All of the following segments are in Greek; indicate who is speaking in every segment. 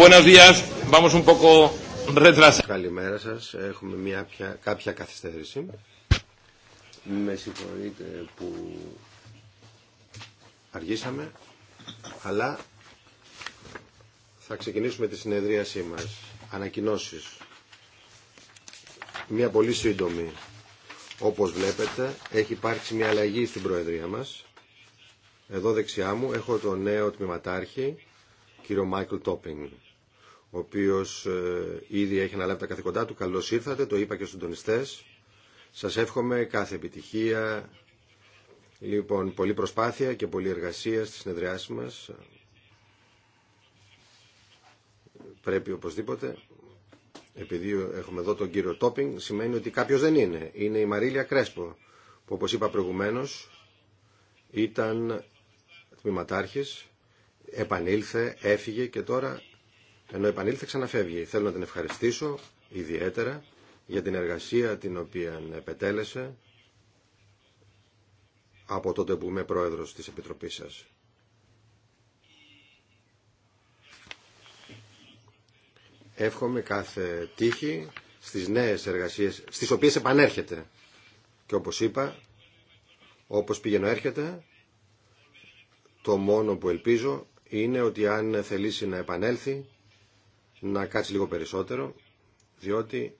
Speaker 1: buenos días. Vamos un poco retrasados. Καλημέρα σα, Έχουμε μια, κάποια καθυστέρηση. Με συγχωρείτε που αργήσαμε, αλλά θα ξεκινήσουμε τη συνεδρίασή μας. Ανακοινώσεις. Μια πολύ σύντομη. Όπως βλέπετε, έχει υπάρξει μια αλλαγή στην Προεδρία μας. Εδώ δεξιά μου έχω τον νέο τμήματάρχη, κύριο Μάικλ Τόπινγκ ο οποίο ε, ήδη έχει αναλάβει τα καθηκοντά του. καλώ ήρθατε, το είπα και στους συντονιστέ. Σας εύχομαι κάθε επιτυχία, λοιπόν, πολλή προσπάθεια και πολλή εργασία στις συνεδριάσεις μα. Πρέπει οπωσδήποτε, επειδή έχουμε εδώ τον κύριο Τόπινγκ, σημαίνει ότι κάποιο δεν είναι. Είναι η Μαρίλια Κρέσπο, που όπως είπα προηγουμένω, ήταν τμήματάρχη, επανήλθε, έφυγε και τώρα ενώ επανήλθε ξαναφεύγει. Θέλω να την ευχαριστήσω ιδιαίτερα για την εργασία την οποία επετέλεσε από τότε που είμαι πρόεδρος της Επιτροπής σας. Εύχομαι κάθε τύχη στις νέες εργασίες, στις οποίες επανέρχεται. Και όπως είπα, όπως πηγαίνω έρχεται, το μόνο που ελπίζω είναι ότι αν θελήσει να επανέλθει, να κάτσει λίγο περισσότερο, διότι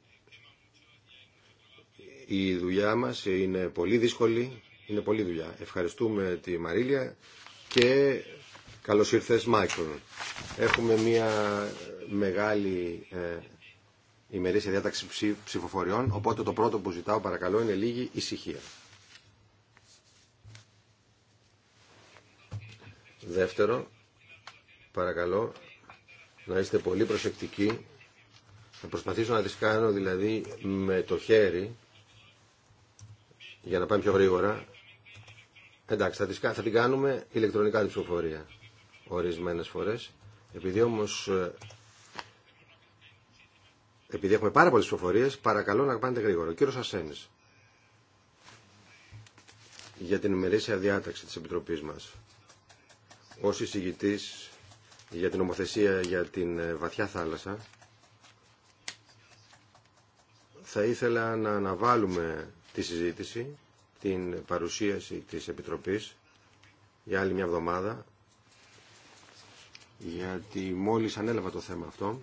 Speaker 1: η δουλειά μας είναι πολύ δύσκολη, είναι πολύ δουλειά. Ευχαριστούμε τη Μαρίλια και καλώς ήρθες Μάικλ. Έχουμε μια μεγάλη ε, ημερήσια διάταξη ψηφοφοριών, οπότε το πρώτο που ζητάω παρακαλώ είναι λίγη ησυχία. Δεύτερο, παρακαλώ να είστε πολύ προσεκτικοί, να προσπαθήσω να τις κάνω δηλαδή με το χέρι, για να πάμε πιο γρήγορα. Εντάξει, θα, τις, την κάνουμε ηλεκτρονικά την ψηφοφορία ορισμένες φορές. Επειδή όμως, ε, επειδή έχουμε πάρα πολλές ψηφοφορίες, παρακαλώ να πάνετε γρήγορα. Ο κύριος Ασένης, για την ημερήσια διάταξη της Επιτροπής μας, ως εισηγητής για την ομοθεσία για την ε, βαθιά θάλασσα θα ήθελα να αναβάλουμε τη συζήτηση, την παρουσίαση της Επιτροπής για άλλη μια εβδομάδα γιατί μόλις ανέλαβα το θέμα αυτό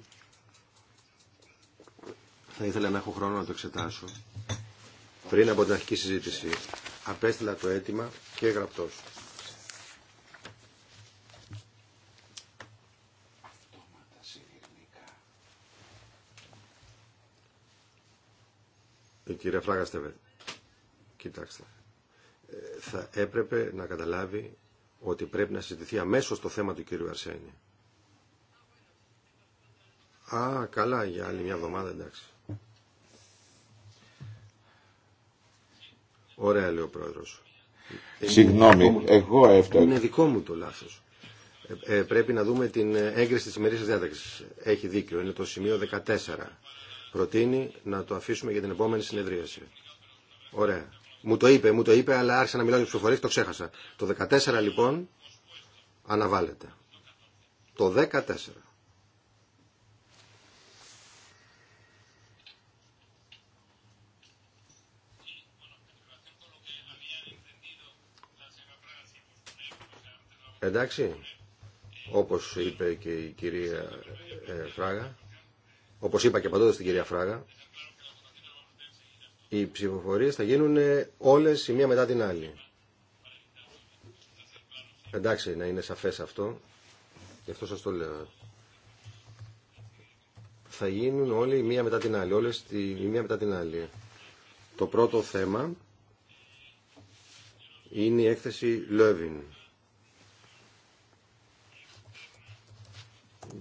Speaker 1: θα ήθελα να έχω χρόνο να το εξετάσω πριν από την αρχική συζήτηση απέστειλα το αίτημα και γραπτός. Κύριε Στεβέ, κοιτάξτε, ε, θα έπρεπε να καταλάβει ότι πρέπει να συζητηθεί αμέσω το θέμα του κύριου Αρσένη. Α, καλά, για άλλη μια εβδομάδα, εντάξει. Ωραία, λέει ο πρόεδρος. Συγγνώμη, εγώ έφτασα. Είναι δικό μου το λάθος. Ε, ε πρέπει να δούμε την έγκριση τη ημερήσια διάταξη. Έχει δίκιο, είναι το σημείο 14 προτείνει να το αφήσουμε για την επόμενη συνεδρίαση. Ωραία. Μου το είπε, μου το είπε, αλλά άρχισα να μιλάω για και το ξέχασα. Το 14 λοιπόν αναβάλλεται. Το 14. Εντάξει, όπως είπε και η κυρία ε, Φράγα, όπως είπα και απαντώντας στην κυρία Φράγα, οι ψηφοφορίες θα γίνουν όλες η μία μετά την άλλη. Εντάξει, να είναι σαφές αυτό. Γι' αυτό σας το λέω. Θα γίνουν όλοι η μία μετά την άλλη. Όλες τη, η μία μετά την άλλη. Το πρώτο θέμα είναι η έκθεση Λεύιν.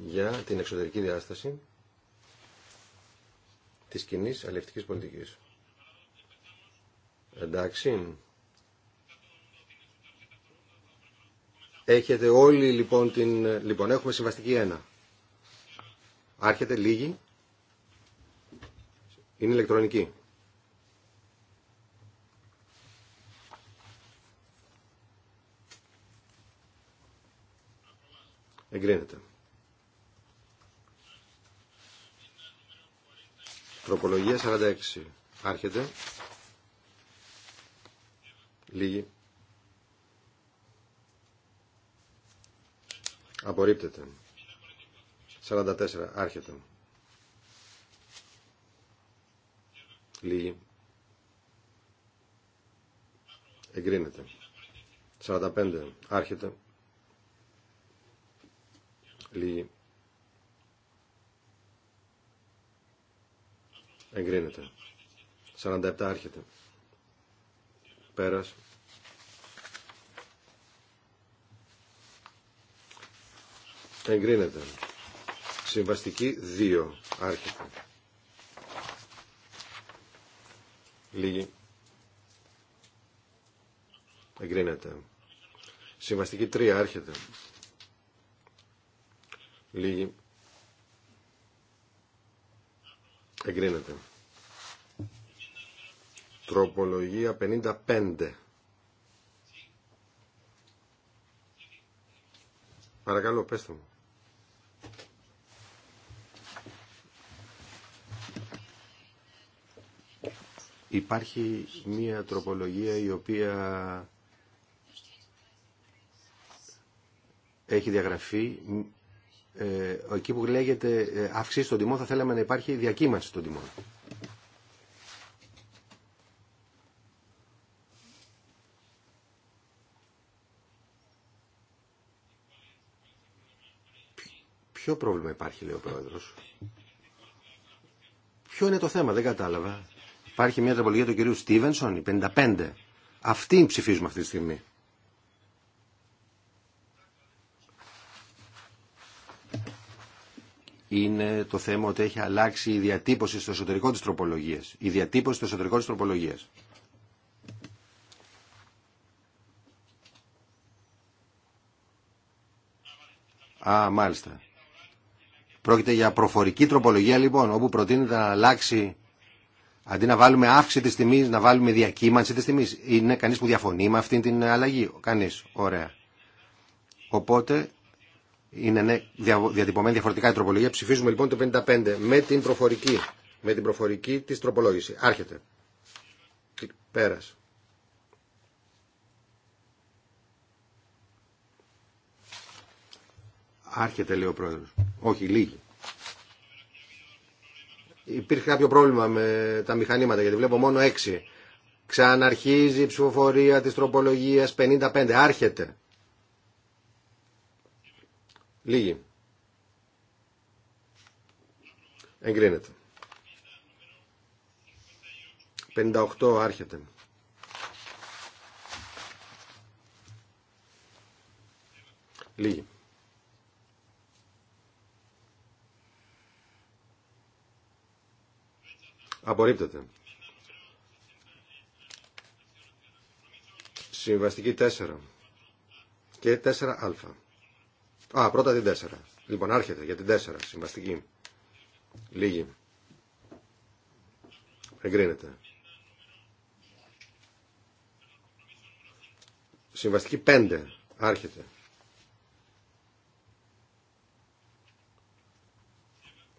Speaker 1: για την εξωτερική διάσταση της κοινή αλληλευτικής πολιτικής. Εντάξει. Έχετε όλοι λοιπόν την... Λοιπόν, έχουμε συμβαστική ένα. Άρχεται λίγη. Είναι ηλεκτρονική. Εγκρίνεται. Τροπολογία 46. Άρχεται. Λίγη. Απορρίπτεται. 44. Άρχεται. Λίγη. Εγκρίνεται. 45. Άρχεται. Λίγη. Εγκρίνεται. 47 άρχεται. Πέρας. Εγκρίνεται. Συμβαστική 2 άρχεται. Λίγη. Εγκρίνεται. Συμβαστική 3 άρχεται. Λίγη. Εγκρίνεται. Τροπολογία 55. Παρακαλώ, πέστε μου. Υπάρχει μία τροπολογία η οποία έχει διαγραφεί ε, εκεί που λέγεται ε, αυξήσει τον τιμών θα θέλαμε να υπάρχει διακύμανση των τιμών. Ποιο πρόβλημα υπάρχει, λέει ο Πρόεδρος. Ποιο είναι το θέμα, δεν κατάλαβα. Υπάρχει μια τραπολογία του κυρίου Στίβενσον, η 55. Αυτήν ψηφίζουμε αυτή τη στιγμή. είναι το θέμα ότι έχει αλλάξει η διατύπωση στο εσωτερικό της τροπολογίας. Η διατύπωση στο εσωτερικό της τροπολογίας. Α, μάλιστα. Πρόκειται για προφορική τροπολογία λοιπόν, όπου προτείνεται να αλλάξει, αντί να βάλουμε αύξηση της τιμής, να βάλουμε διακύμανση της τιμής. Είναι κανείς που διαφωνεί με αυτήν την αλλαγή. Κανείς. Ωραία. Οπότε είναι ναι, διατυπωμένη διαφορετικά η τροπολογία. Ψηφίζουμε λοιπόν το 55 με την προφορική, με την προφορική της τροπολόγηση. Άρχεται. Πέρασε. Άρχεται λέει ο πρόεδρος. Όχι, λίγη. Υπήρχε κάποιο πρόβλημα με τα μηχανήματα γιατί βλέπω μόνο 6. Ξαναρχίζει η ψηφοφορία της τροπολογίας 55. Άρχεται. Λίγοι. Εγκρίνεται. 58 άρχεται. Λίγοι. Απορρίπτεται. Συμβαστική 4 και 4α. Α, πρώτα την 4. Λοιπόν, άρχεται για την 4. Συμβαστική. Λίγη. Εγκρίνεται. Συμβαστική 5. Άρχεται.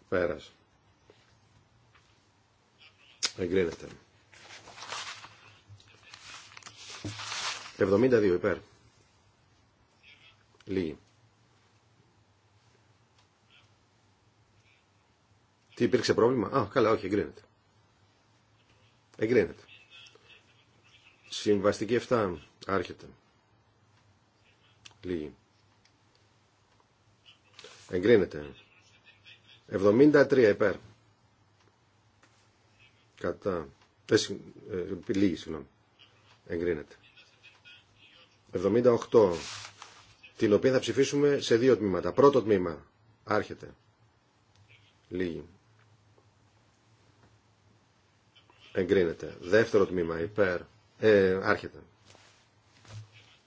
Speaker 1: Πέρας. Εγκρίνεται. 72 υπέρ. Λίγη. Τι υπήρξε πρόβλημα. Α, καλά, όχι, εγκρίνεται. Εγκρίνεται. Συμβαστική 7. Άρχεται. Λίγη. Εγκρίνεται. 73 υπέρ. Κατά. Ε, ε, λίγη, συγγνώμη. Εγκρίνεται. 78. Την οποία θα ψηφίσουμε σε δύο τμήματα. Πρώτο τμήμα. Άρχεται. Λίγη. εγκρίνεται. Δεύτερο τμήμα υπέρ, ε, άρχεται.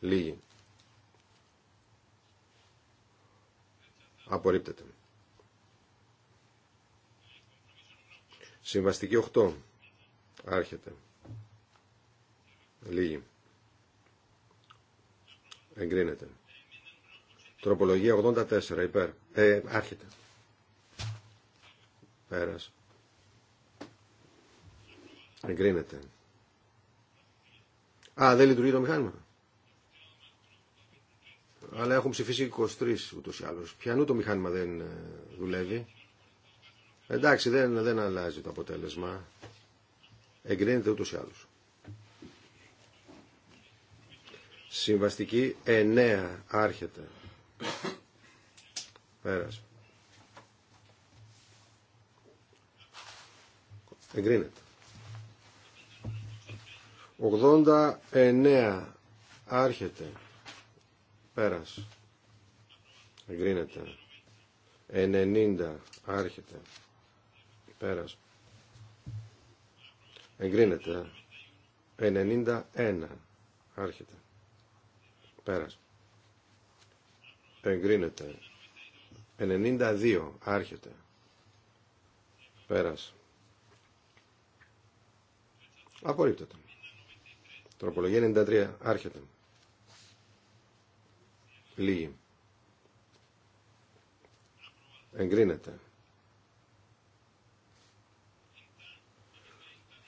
Speaker 1: Λίγη. Απορρίπτεται. Συμβαστική 8. Άρχεται. Λίγη. Εγκρίνεται. Τροπολογία 84. Υπέρ. Ε, άρχεται. Πέρας. Εγκρίνεται. Α, δεν λειτουργεί το μηχάνημα. Αλλά έχουν ψηφίσει 23 ούτως ή άλλως. Πιανού το μηχάνημα δεν ε, δουλεύει. Εντάξει, δεν, δεν αλλάζει το αποτέλεσμα. Εγκρίνεται ούτως ή άλλως. Συμβαστική 9 άρχεται. Πέρασε. Εγκρίνεται. 89 άρχεται πέρας εγκρίνεται 90 άρχεται πέρας εγκρίνεται 91 άρχεται πέρας εγκρίνεται 92 άρχεται πέρας απορρίπτεται Τροπολογία 93. Άρχεται. Λίγη. Εγκρίνεται.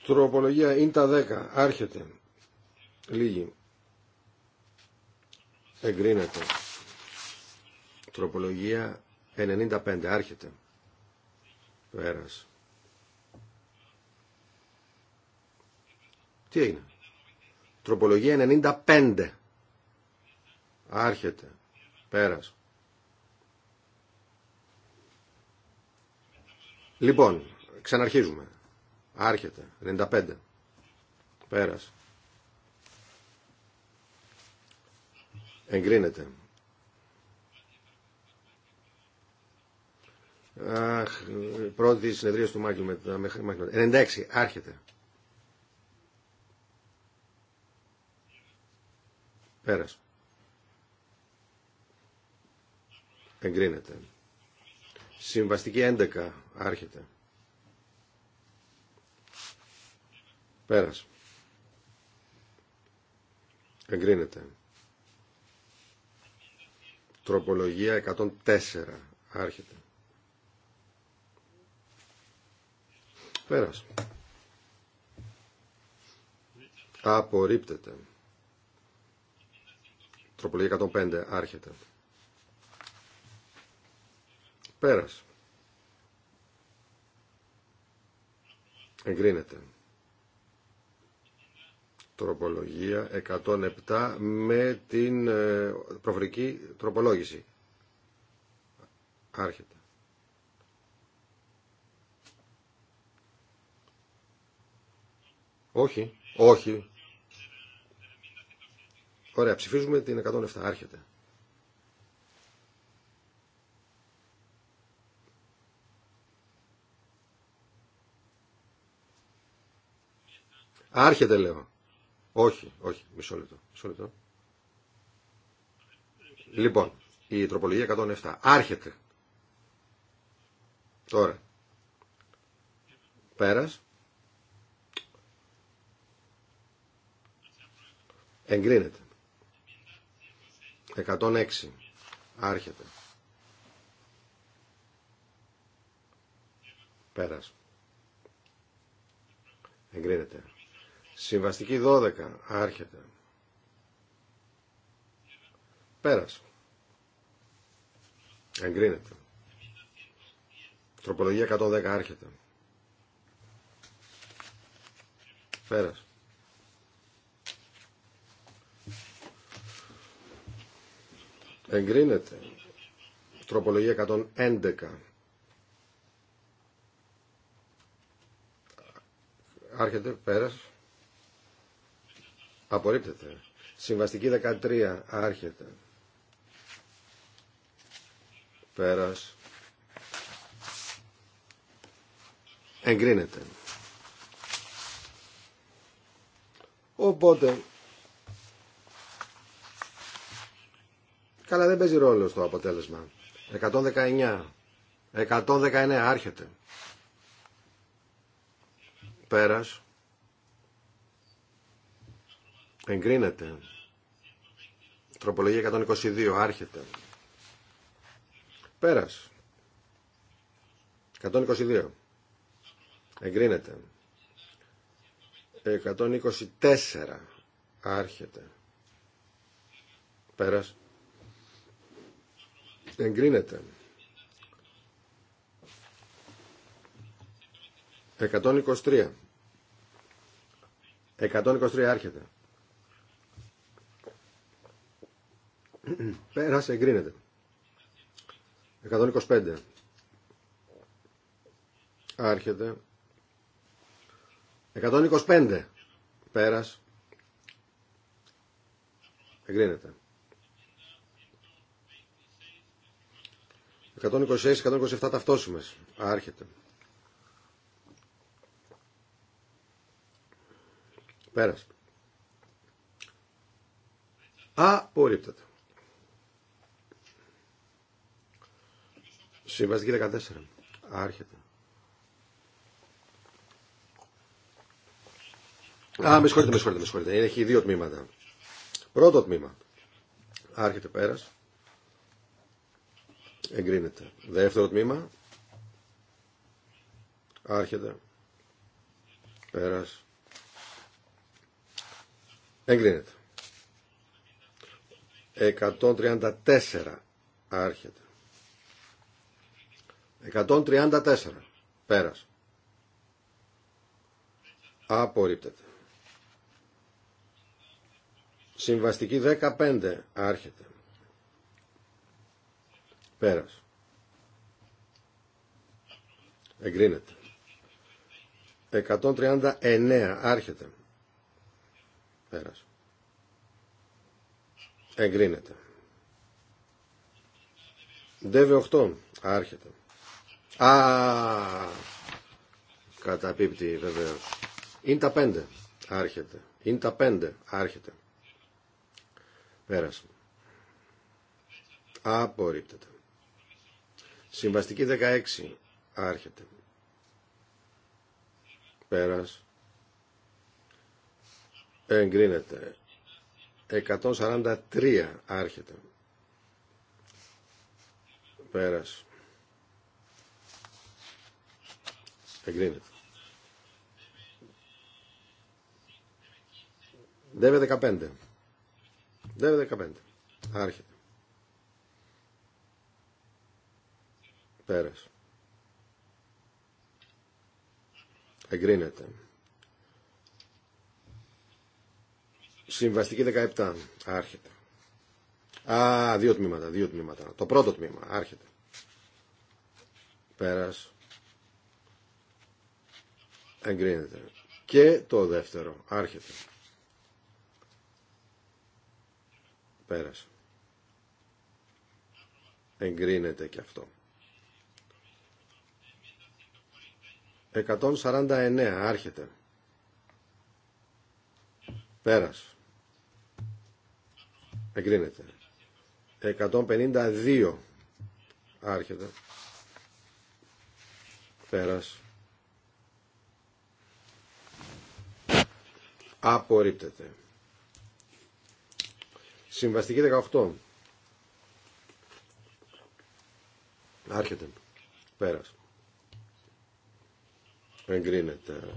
Speaker 1: Τροπολογία είναι τα 10. Άρχεται. Λίγη. Εγκρίνεται. Τροπολογία 95. Άρχεται. Πέρας. Τι έγινε. Τροπολογία 95. Άρχεται. Πέρας. Λοιπόν, ξαναρχίζουμε. Άρχεται. 95. Πέρας. Εγκρίνεται. Αχ, πρώτη συνεδρία του με μετά. 96. Άρχεται. πέρασε. Εγκρίνεται. Συμβαστική 11 άρχεται. Πέρασε. Εγκρίνεται. Τροπολογία 104 άρχεται. Πέρασε. Απορρίπτεται. Τροπολογία 105. Άρχεται. Πέρας. Εγκρίνεται. Τροπολογία 107 με την ε, προφορική τροπολόγηση. Άρχεται. Όχι, όχι, Ωραία, ψηφίζουμε την 107. Άρχεται. Άρχεται λέω. Όχι, όχι, μισό λεπτό. Μισό λεπτό. Λοιπόν, η τροπολογία 107. Άρχεται. Τώρα. Πέρας. Εγκρίνεται. 106. Άρχεται. Πέρας. Εγκρίνεται. Συμβαστική 12. Άρχεται. Πέρας. Εγκρίνεται. Τροπολογία 110. Άρχεται. Πέρας. Εγκρίνεται. Τροπολογία 111. Άρχεται πέρας. Απορρίπτεται. Συμβαστική 13. Άρχεται. Πέρας. Εγκρίνεται. Οπότε Καλά δεν παίζει ρόλο στο αποτέλεσμα. 119. 119 άρχεται. Πέρας. Εγκρίνεται. Τροπολογία 122 άρχεται. Πέρας. 122. Εγκρίνεται. 124 άρχεται. Πέρας εγκρίνεται. 123. 123 άρχεται. Πέρασε, εγκρίνεται. 125. Άρχεται. 125. Πέρας. Εγκρίνεται. 126-127 ταυτόσημες. Άρχεται. Πέρας. Απορρίπτεται. Συμβαστική 14. Άρχεται. Α, με συγχωρείτε, με συγχωρείτε, με συγχωρείτε. Έχει δύο τμήματα. Πρώτο τμήμα. Άρχεται πέρας. Εγκρίνεται. Δεύτερο τμήμα. Άρχεται. Πέρας. Εγκρίνεται. 134. Άρχεται. 134. Πέρας. Απορρίπτεται. Συμβαστική 15. Άρχεται. Πέρας. Εγκρίνεται. 139. Άρχεται. Πέρας. Εγκρίνεται. Δεύε 8. Άρχεται. Α, καταπίπτει βεβαίω. Είναι τα 5. Άρχεται. Είναι τα 5. Άρχεται. Πέρασε. Απορρίπτεται. Συμβαστική 16 άρχεται. Πέρας. Εγκρίνεται. 143 άρχεται. Πέρας. Εγκρίνεται. ΔΕΒΕ 15. ΔΕΒΕ 15. Άρχεται. Πέρας. Εγκρίνεται. Συμβαστική 17. Άρχεται. Α, δύο τμήματα, δύο τμήματα. Το πρώτο τμήμα, άρχεται. Πέρας. Εγκρίνεται. Και το δεύτερο, άρχεται. Πέρας. Εγκρίνεται και αυτό. 149 άρχεται. Πέρας. Εγκρίνεται. 152 άρχεται. Πέρας. Απορρίπτεται. Συμβαστική 18. Άρχεται. Πέρας εγκρίνεται.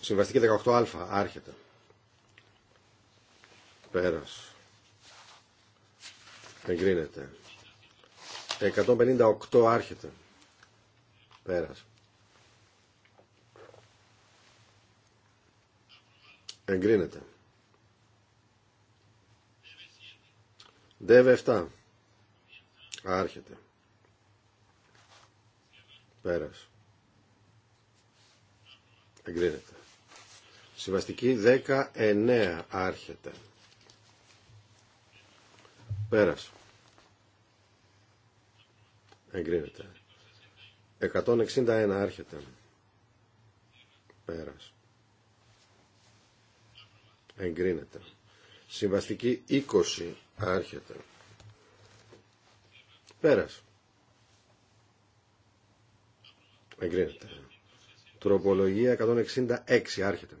Speaker 1: Συμβαστική 18α, άρχεται. Πέρας. Εγκρίνεται. 158 άρχεται. Πέρας. Εγκρίνεται. ΔΕΒ 7. Άρχεται. Πέρας. Εγκρίνεται. Συμβαστική 19 άρχεται. Πέρασε. Εγκρίνεται. 161 άρχεται. Πέρασε. Εγκρίνεται. Συμβαστική 20 άρχεται. Πέρασε. Εγκρίνεται. Τροπολογία 166 άρχεται.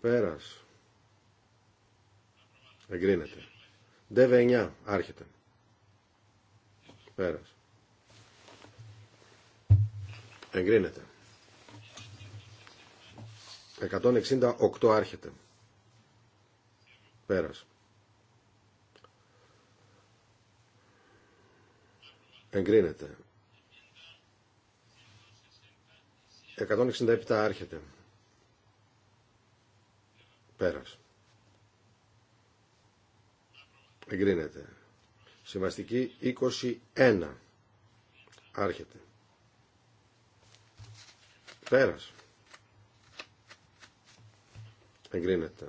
Speaker 1: Πέρας. Εγκρίνεται. Ντεβε 9 άρχεται. Πέρας. Εγκρίνεται. 168 άρχεται. Πέρας. Εγκρίνεται. 167 άρχεται. Πέρας. Εγκρίνεται. Σημαστική 21 άρχεται. Πέρας. Εγκρίνεται.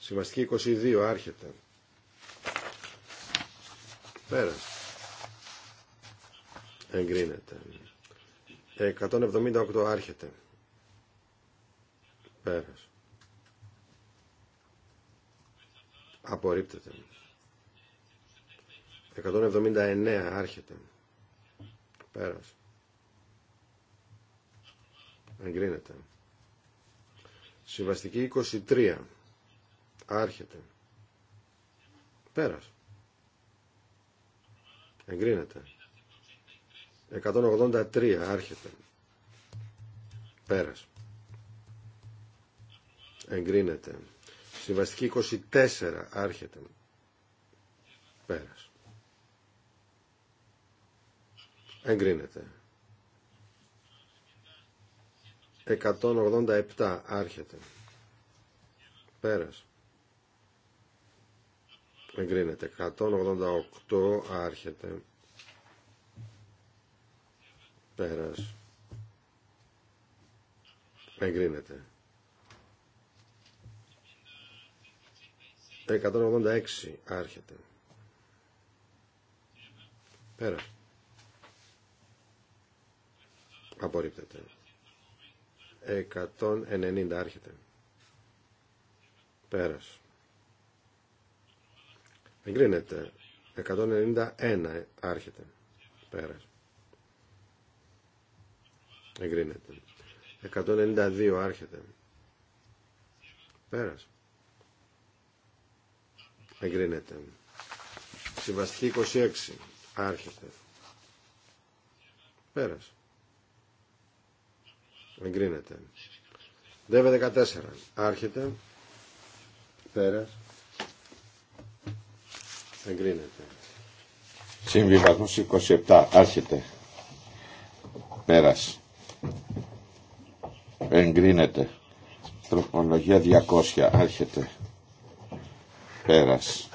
Speaker 1: Σημαστική 22 άρχεται. Πέρας. Εγκρίνεται. 178 άρχεται. Πέρας. Απορρίπτεται. 179 άρχεται. Πέρας. Εγκρίνεται. Συμβαστική 23. Άρχεται. Πέρας. Εγκρίνεται. 183 άρχεται. Πέρας. Εγκρίνεται. Συμβαστική 24 άρχεται. Πέρας. Εγκρίνεται. 187 άρχεται. Πέρας. Εγκρίνεται. 188 άρχεται. Πέρας. Εγκρίνεται. 186 άρχεται. πέρα Απορρίπτεται. 190 άρχεται. Πέρας. Εγκρίνεται. 191 άρχεται. Πέρας. Εγκρίνεται. 192 άρχεται. Πέρας. Εγκρίνεται. Συμβαστική 26 άρχεται. Πέρας. Εγκρίνεται. ΔΕΒΕ 14 άρχεται. Πέρας. Εγκρίνεται.
Speaker 2: Συμβιβασμός 27 άρχεται. Πέρας εγκρίνεται. Τροπολογία 200 άρχεται. Πέρας.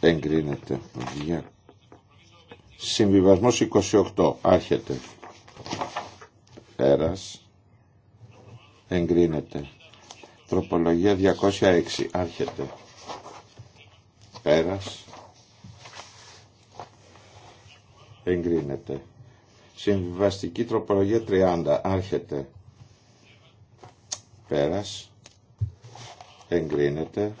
Speaker 2: Εγκρίνεται. Συμβιβασμός 28 άρχεται. Πέρας. Εγκρίνεται. Τροπολογία 206 άρχεται. Πέρας. Εγκρίνεται. Συμβιβαστική τροπολογία 30 άρχεται Πέρας. Εγκρίνεται.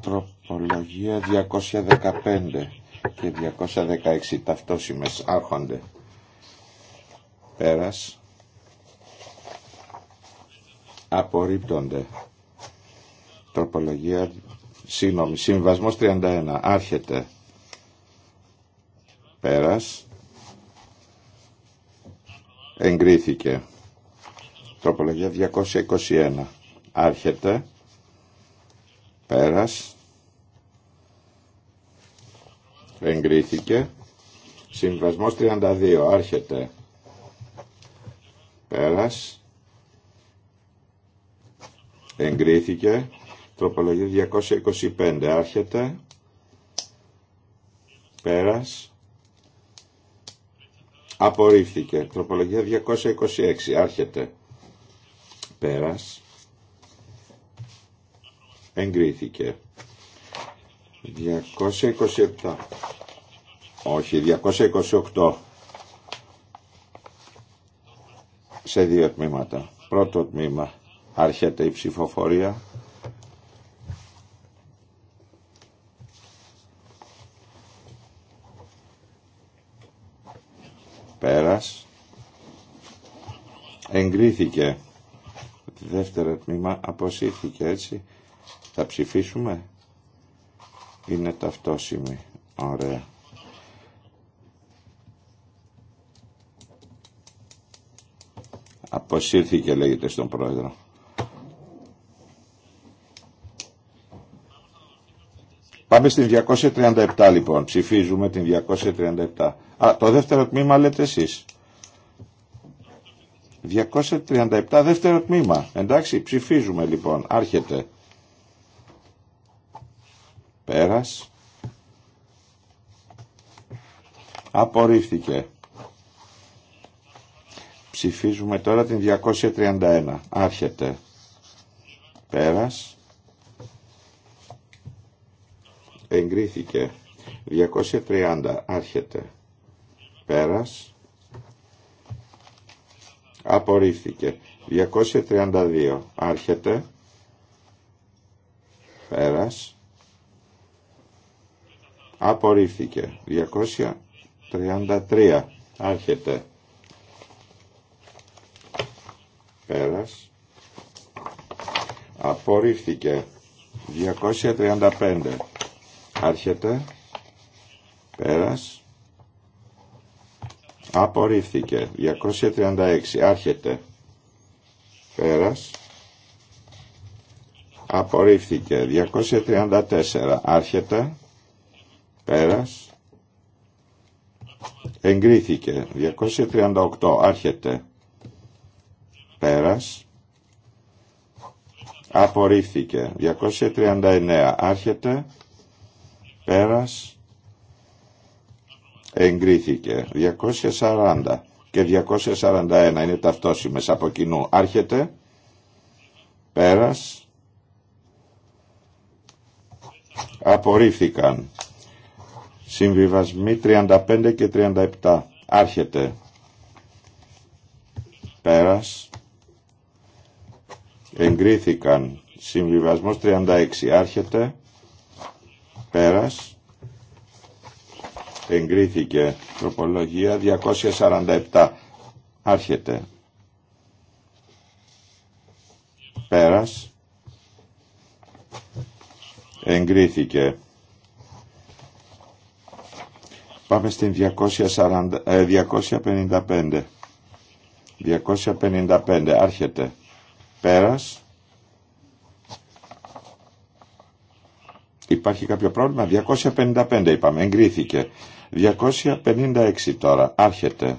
Speaker 2: Τροπολογία 215 και 216 ταυτόσημες άρχονται. Πέρας. Απορρίπτονται. Τροπολογία, συγγνώμη, συμβασμός 31. Άρχεται. Πέρας εγκρίθηκε. Τροπολογία 221. Άρχεται. Πέρας. Εγκρίθηκε. Συμβασμός 32. Άρχεται. Πέρας. Εγκρίθηκε. Τροπολογία 225. Άρχεται. Πέρας. Απορρίφθηκε. Τροπολογία 226. Άρχεται. Πέρας. Εγκρίθηκε. 227. Όχι, 228. Σε δύο τμήματα. Πρώτο τμήμα. Άρχεται η ψηφοφορία. Πέρας. Εγκρίθηκε. Το δεύτερο τμήμα αποσύρθηκε έτσι. Θα ψηφίσουμε. Είναι ταυτόσιμη. Ωραία. Αποσύρθηκε λέγεται στον πρόεδρο. Πάμε στην 237 λοιπόν. Ψηφίζουμε την 237. Α, το δεύτερο τμήμα λέτε εσείς. 237 δεύτερο τμήμα. Εντάξει, ψηφίζουμε λοιπόν. Άρχεται. Πέρας. Απορρίφθηκε. Ψηφίζουμε τώρα την 231. Άρχεται. Πέρας. Εγκρίθηκε. 230. Άρχεται. Πέρας. Απορρίφθηκε. 232. Άρχεται. Πέρας. Απορρίφθηκε. 233. Άρχεται. Πέρας. Απορρίφθηκε. 235. Άρχεται. Πέρας. Απορρίφθηκε. 236. Άρχεται. Πέρας. Απορρίφθηκε. 234. Άρχεται. Πέρας. Εγκρίθηκε. 238. Άρχεται. Πέρας. Απορρίφθηκε. 239. Άρχεται. Πέρας εγκρίθηκε. 240 και 241 είναι ταυτόσιμες από κοινού. Άρχεται, πέρας, απορρίφθηκαν. Συμβιβασμοί 35 και 37. Άρχεται. Πέρας. Εγκρίθηκαν. Συμβιβασμός 36. Άρχεται. Πέρας εγκρίθηκε τροπολογία 247 άρχεται πέρας εγκρίθηκε πάμε στην 240, 255 255 άρχεται πέρας Υπάρχει κάποιο πρόβλημα. 255 είπαμε. Εγκρίθηκε. 256 τώρα. Άρχεται.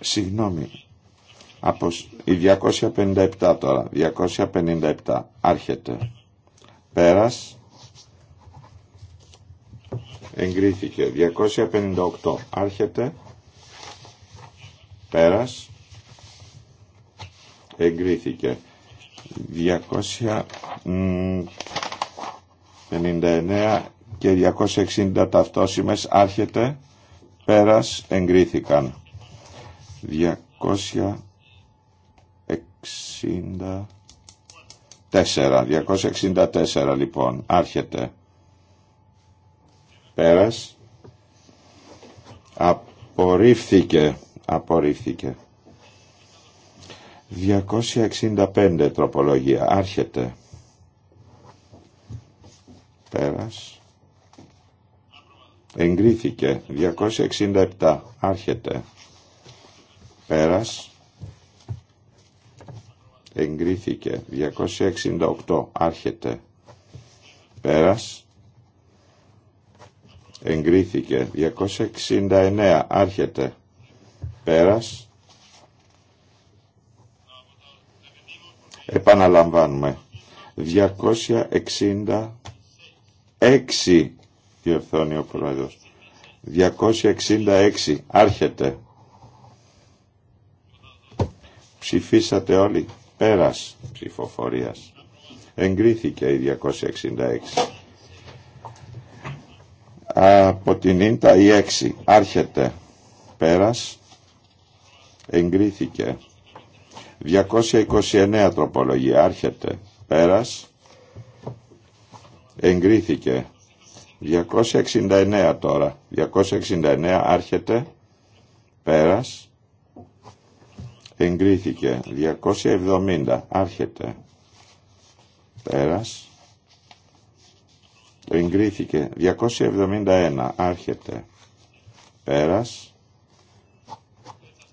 Speaker 2: Συγγνώμη. Από η 257 τώρα. 257. Άρχεται. Πέρας. Εγκρίθηκε. 258. Άρχεται. Πέρας. Εγκρίθηκε. 259 και 260 ταυτόσημες άρχεται πέρας εγκρίθηκαν 264 264 λοιπόν άρχεται πέρας απορρίφθηκε απορρίφθηκε 265 τροπολογία άρχεται πέρας εγκρίθηκε 267 άρχεται πέρας εγκρίθηκε 268 άρχεται πέρας εγκρίθηκε 269 άρχεται πέρας επαναλαμβάνουμε 266 διορθώνει ο πρόεδρος. 266 άρχεται. Ψηφίσατε όλοι πέρας ψηφοφορίας. Εγκρίθηκε η 266. Από την ίντα η 6 άρχεται πέρας. Εγκρίθηκε. 229 τροπολογία άρχεται πέρας. Εγκρίθηκε. 269 τώρα. 269 άρχεται. Πέρας. Εγκρίθηκε. 270 άρχεται. Πέρας. Εγκρίθηκε. 271 άρχεται. Πέρας.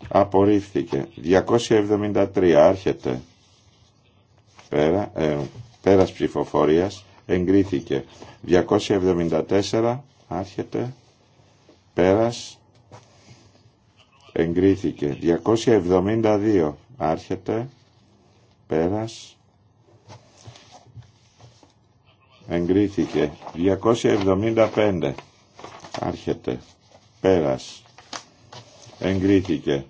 Speaker 2: Απορρίφθηκε. 273 άρχεται. Πέρα, ε, πέρας ψηφοφορίας εγκρίθηκε. 274 άρχεται πέρας εγκρίθηκε. 272 άρχεται πέρας εγκρίθηκε. 275 άρχεται πέρας εγκρίθηκε.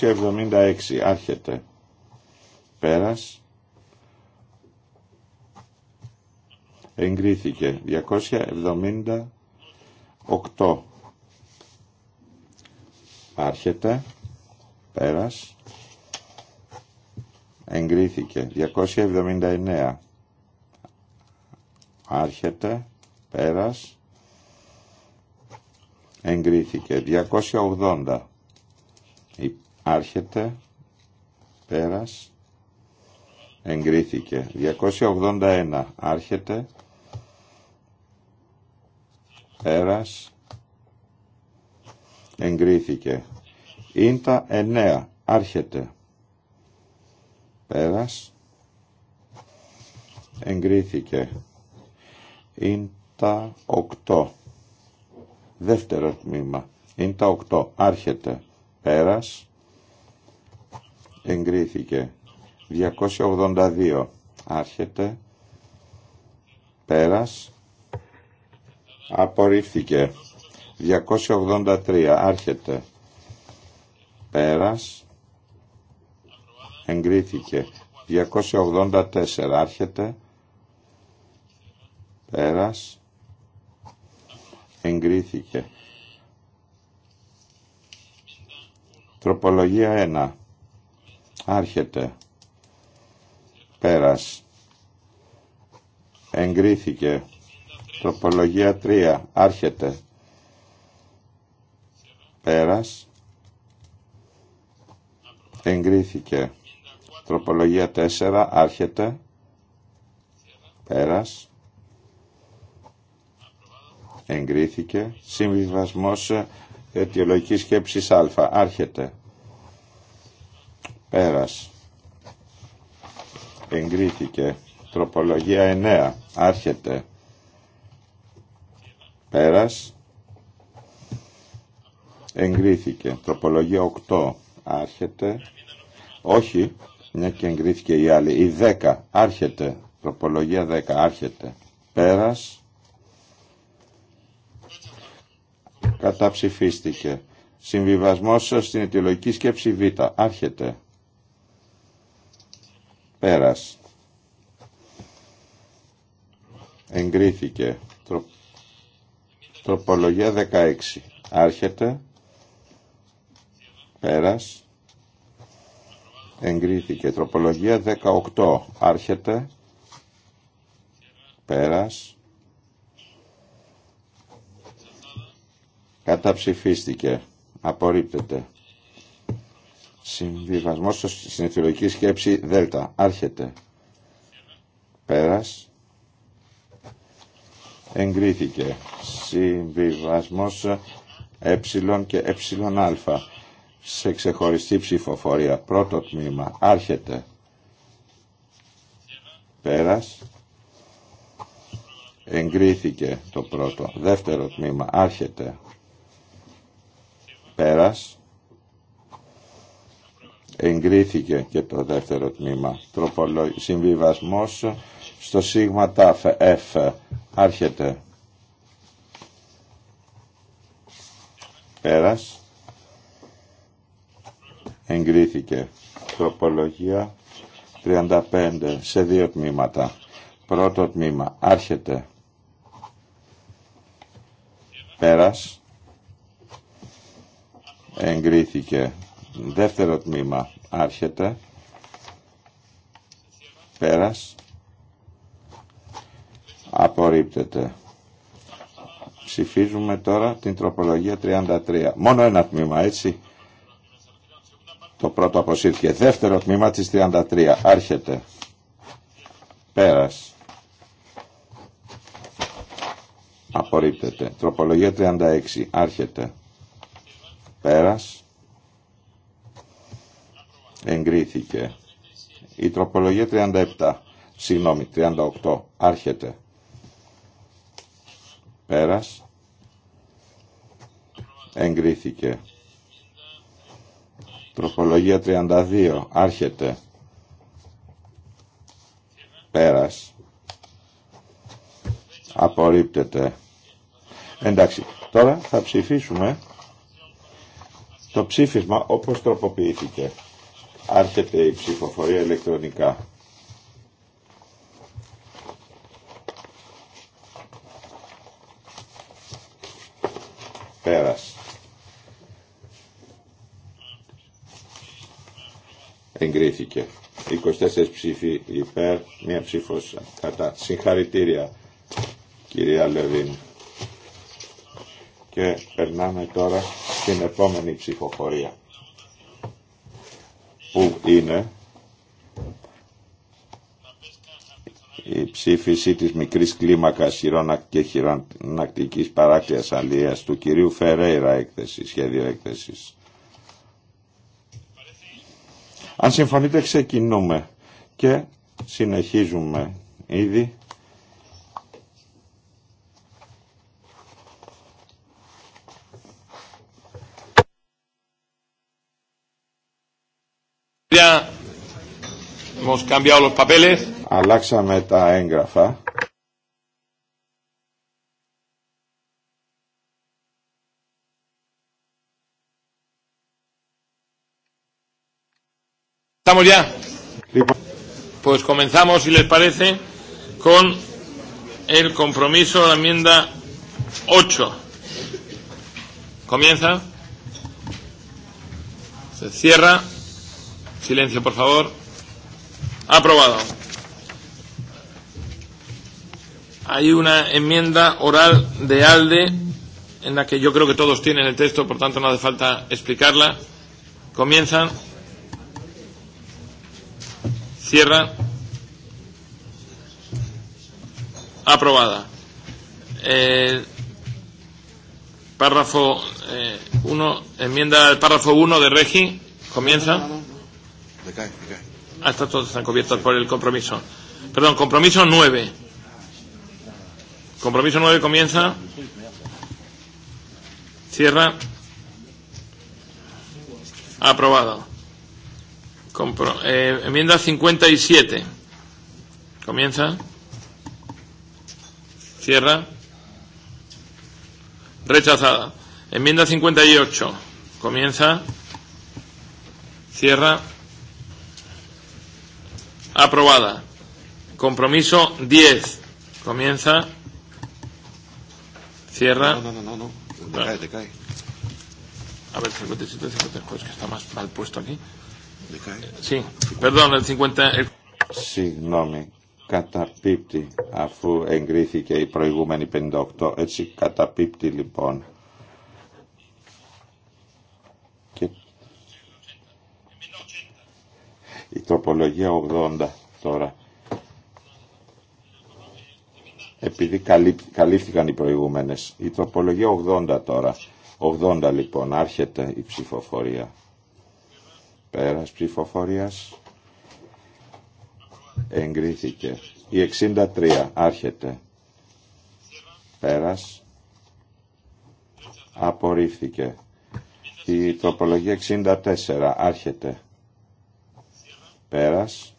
Speaker 2: 276 άρχεται πέρας εγκρίθηκε 278 άρχεται πέρας εγκρίθηκε 279 άρχεται πέρας εγκρίθηκε 280 άρχεται πέρας εγκρίθηκε 281 άρχεται Πέρας. Εγκρίθηκε. Ίντα εννέα Άρχεται. Πέρας. Εγκρίθηκε. Ίντα οκτώ Δεύτερο τμήμα. Ίντα οκτώ Άρχεται. Πέρας. Εγκρίθηκε. 282. Άρχεται. Πέρας απορρίφθηκε 283 άρχεται πέρας εγκρίθηκε 284 άρχεται πέρας εγκρίθηκε τροπολογία 1 άρχεται πέρας εγκρίθηκε Τροπολογία 3. Άρχεται. Πέρας. Εγκρίθηκε. Τροπολογία 4. Άρχεται. Πέρας. Εγκρίθηκε. Συμβιβασμός αιτιολογικής σκέψης α. Άρχεται. Πέρας. Εγκρίθηκε. Τροπολογία 9. Άρχεται. Πέρας. Εγκρίθηκε. Τροπολογία 8. Άρχεται. Όχι. Μια και εγκρίθηκε η άλλη. Η 10. Άρχεται. Τροπολογία 10. Άρχεται. Πέρας. Καταψηφίστηκε. Συμβιβασμός στην αιτιολογική σκέψη Β. Άρχεται. Πέρας. Εγκρίθηκε. Τροπολογία 16. Άρχεται. Πέρας. Εγκρίθηκε. Τροπολογία 18. Άρχεται. Πέρας. Καταψηφίστηκε. Απορρίπτεται. Συμβιβασμός στην σκέψη Δέλτα. Άρχεται. Πέρας εγκρίθηκε. Συμβιβασμός ε και εα σε ξεχωριστή ψηφοφορία. Πρώτο τμήμα. Άρχεται. Πέρας. Εγκρίθηκε το πρώτο. Δεύτερο τμήμα. Άρχεται. Πέρας. Εγκρίθηκε και το δεύτερο τμήμα. Τροπολο... Συμβιβασμός στο σίγμα τάφ, F, άρχεται. Πέρας. Εγκρίθηκε. Τροπολογία 35 σε δύο τμήματα. Πρώτο τμήμα, άρχεται. Πέρας. Εγκρίθηκε. Δεύτερο τμήμα, άρχεται. Πέρας απορρίπτεται. Ψηφίζουμε τώρα την τροπολογία 33. Μόνο ένα τμήμα, έτσι. Το πρώτο αποσύρθηκε. Δεύτερο τμήμα της 33. Άρχεται. Πέρας. Απορρίπτεται. Τροπολογία 36. Άρχεται. Πέρας. Εγκρίθηκε. Η τροπολογία 37. Συγγνώμη, 38. Άρχεται. Πέρας. Εγκρίθηκε. Τροπολογία 32. Άρχεται. Πέρας. Απορρίπτεται. Εντάξει. Τώρα θα ψηφίσουμε το ψήφισμα όπως τροποποιήθηκε. Άρχεται η ψηφοφορία ηλεκτρονικά. Πέρας. Εγκρίθηκε. 24 ψήφοι υπέρ, μία ψήφος κατά. Συγχαρητήρια κυρία Λεβίν. Και περνάμε τώρα στην επόμενη ψηφοφορία. Πού είναι... η ψήφιση της μικρής κλίμακας και χειρονακτικής παράκτειας αλίας του κυρίου Φερέιρα έκθεση, σχέδιο έκθεσης. Αν συμφωνείτε ξεκινούμε και συνεχίζουμε ήδη.
Speaker 3: Hemos cambiado los papeles
Speaker 2: αλλάξαμε τα έγγραφα.
Speaker 3: Estamos ya. Pues comenzamos, si les parece, con el compromiso de la enmienda 8. Comienza. Se cierra. Silencio, por favor. Aprobado. Hay una enmienda oral de ALDE en la que yo creo que todos tienen el texto, por tanto no hace falta explicarla. Comienzan. Cierra. Aprobada. Eh, párrafo 1, enmienda al párrafo 1 de Regi. Comienza. Ah, está, todos están cubiertos por el compromiso. Perdón, compromiso 9. Compromiso 9 comienza. Cierra. Aprobado. Compro enmienda 57. Comienza. Cierra. Rechazada. Enmienda 58. Comienza. Cierra. Aprobada. Compromiso 10. Comienza. No, no, no, ver, Συγγνώμη,
Speaker 2: καταπίπτει αφού εγκρίθηκε η προηγούμενη 58. Έτσι καταπίπτει λοιπόν. Η τροπολογία 80 τώρα επειδή καλύφθηκαν οι προηγούμενες. Η τροπολογία 80 τώρα. 80 λοιπόν, άρχεται η ψηφοφορία. Πέρας ψηφοφορίας. Εγκρίθηκε. Η 63 άρχεται. Πέρας. Απορρίφθηκε. Η τροπολογία 64 άρχεται. Πέρας.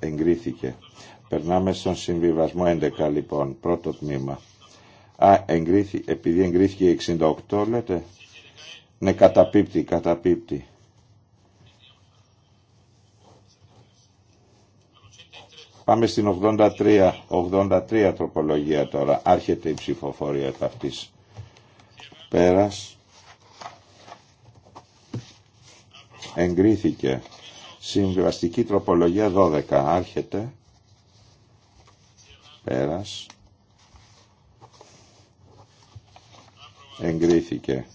Speaker 2: Εγκρίθηκε. Περνάμε στον συμβιβασμό 11 λοιπόν, πρώτο τμήμα. Α, εγκρίθη, επειδή εγκρίθηκε η 68 λέτε. Ναι, καταπίπτει, καταπίπτει. Πάμε στην 83, 83 τροπολογία τώρα. Άρχεται η ψηφοφορία ταυτής. αυτής. Πέρας. Εγκρίθηκε. Συμβιβαστική τροπολογία 12. Άρχεται. Πέρας. Εγκρίθηκε.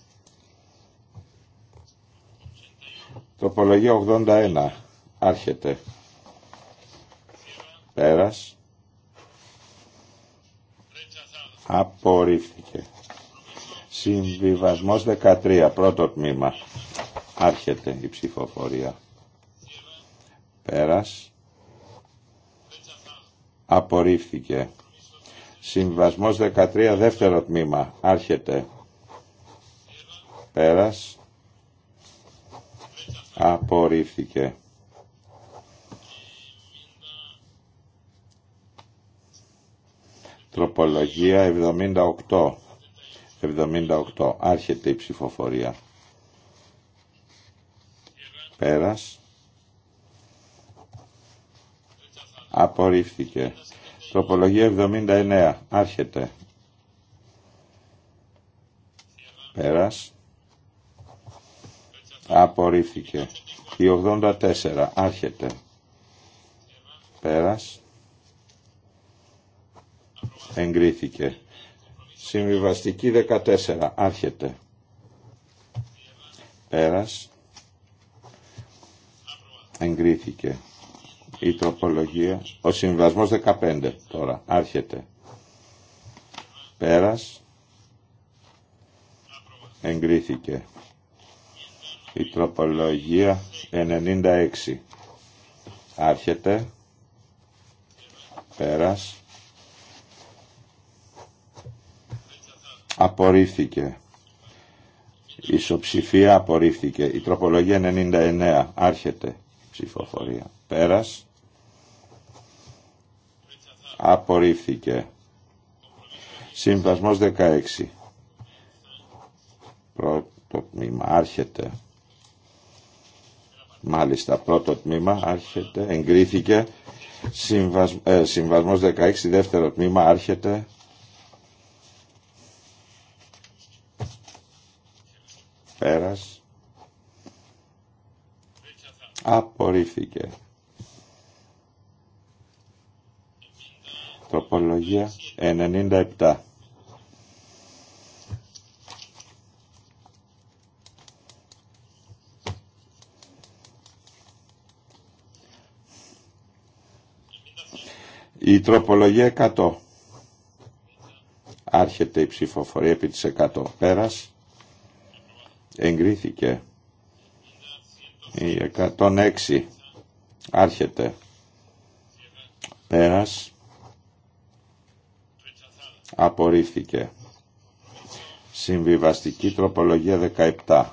Speaker 2: Τοπολογία 81. Άρχεται. Πέρας. Απορρίφθηκε. Συμβιβασμός 13. Πρώτο τμήμα. Άρχεται η ψηφοφορία. Πέρας απορρίφθηκε. Συμβασμός 13 δεύτερο τμήμα άρχεται. Πέρας. Απορρίφθηκε. Τροπολογία 78. 78. Άρχεται η ψηφοφορία. Πέρας. απορρίφθηκε. Τροπολογία 79. Άρχεται. Πέρας. Απορρίφθηκε. Η 84. Άρχεται. Πέρας. Εγκρίθηκε. Συμβιβαστική 14. Άρχεται. Πέρας. Εγκρίθηκε η τροπολογία, ο συμβασμός 15 τώρα, άρχεται. Πέρας, εγκρίθηκε. Η τροπολογία 96 άρχεται. Πέρας. Απορρίφθηκε. Η ισοψηφία απορρίφθηκε. Η τροπολογία 99 άρχεται. Ψηφοφορία. Πέρας απορρίφθηκε. Συμβασμός 16. Πρώτο τμήμα άρχεται. Μάλιστα, πρώτο τμήμα άρχεται, εγκρίθηκε. Συμβασ... Ε, συμβασμός 16, δεύτερο τμήμα άρχεται. Πέρας. Απορρίφθηκε. Τροπολογία 97. Η τροπολογία 100. Άρχεται η ψηφοφορία επί της 100. Πέρας. Εγκρίθηκε. Η 106. Άρχεται. Πέρας απορρίφθηκε. Συμβιβαστική τροπολογία 17.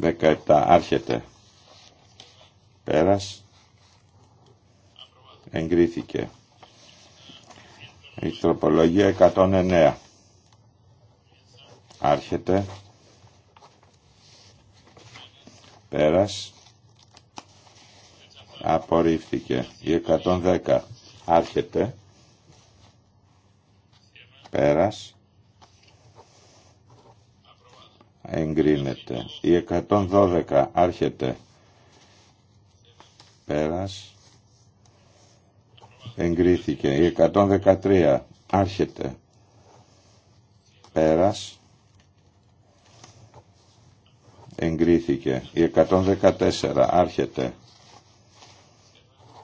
Speaker 2: 17. Άρχεται. Πέρας. Εγκρίθηκε. Η τροπολογία 109. Άρχεται. Πέρας. Απορρίφθηκε. Η 110. Άρχεται. Πέρας. Εγκρίνεται. Η 112 άρχεται. Πέρας. Εγκρίθηκε. Η 113 άρχεται. Πέρας. Εγκρίθηκε. Η 114 άρχεται.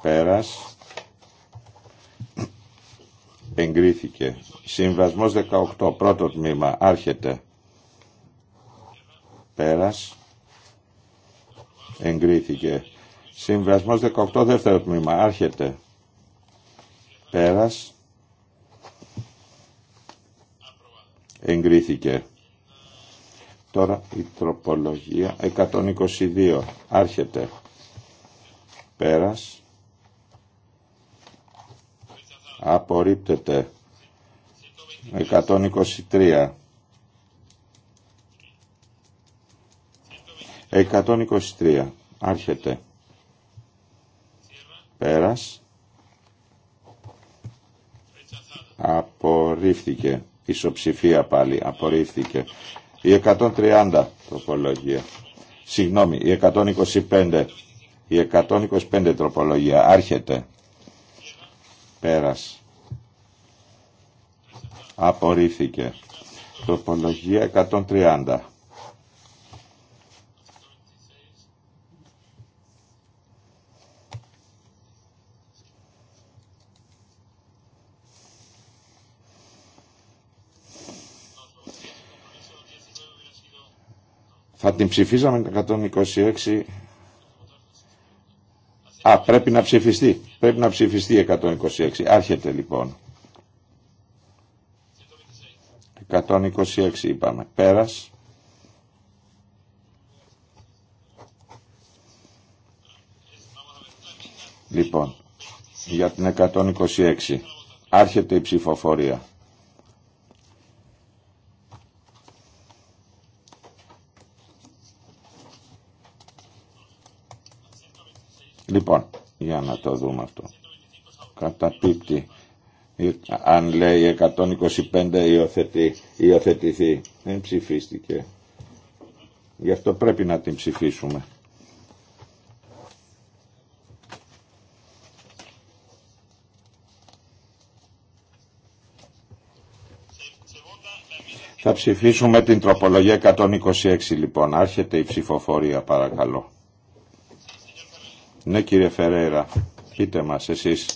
Speaker 2: Πέρας εγκρίθηκε. Συμβασμός 18, πρώτο τμήμα, άρχεται. Πέρας, εγκρίθηκε. Συμβασμός 18, δεύτερο τμήμα, άρχεται. Πέρας, εγκρίθηκε. Τώρα η τροπολογία 122, άρχεται. Πέρας, απορρίπτεται 123 123 άρχεται πέρας απορρίφθηκε ισοψηφία πάλι απορρίφθηκε η 130 τροπολογία συγγνώμη η 125 η 125 τροπολογία άρχεται Πέρας. Απορρίφθηκε. Τοπολογία 130. Θα την ψηφίζαμε 126 Α, πρέπει να ψηφιστεί. Πρέπει να ψηφιστεί 126. Άρχεται λοιπόν. 126 είπαμε. Πέρας. Λοιπόν, για την 126 άρχεται η ψηφοφορία. Λοιπόν, για να το δούμε αυτό. Καταπίπτει. Ε, αν λέει 125 υιοθετηθεί. Δεν ψηφίστηκε. Γι' αυτό πρέπει να την ψηφίσουμε. Θα ψηφίσουμε την τροπολογία 126 λοιπόν. Άρχεται η ψηφοφορία παρακαλώ. Ναι κύριε Φερέρα, πείτε μας εσείς.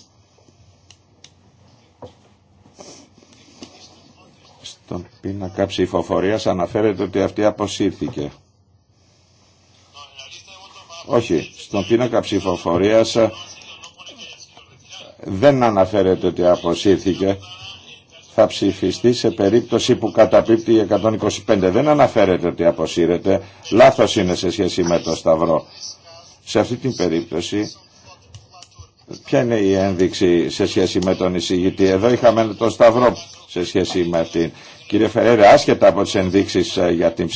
Speaker 2: Στον πίνακα ψηφοφορίας αναφέρεται ότι αυτή αποσύρθηκε. Όχι, στον πίνακα ψηφοφορίας δεν αναφέρεται ότι αποσύρθηκε. Θα ψηφιστεί σε περίπτωση που καταπίπτει η 125. Δεν αναφέρεται ότι αποσύρεται. Λάθος είναι σε σχέση με το Σταυρό. Σε αυτή την περίπτωση Ποια είναι η ένδειξη σε σχέση με τον εισηγητή. Εδώ είχαμε τον Σταυρό σε σχέση με αυτήν. Κύριε Φερέρε, άσχετα από τι ενδείξει ε, για την,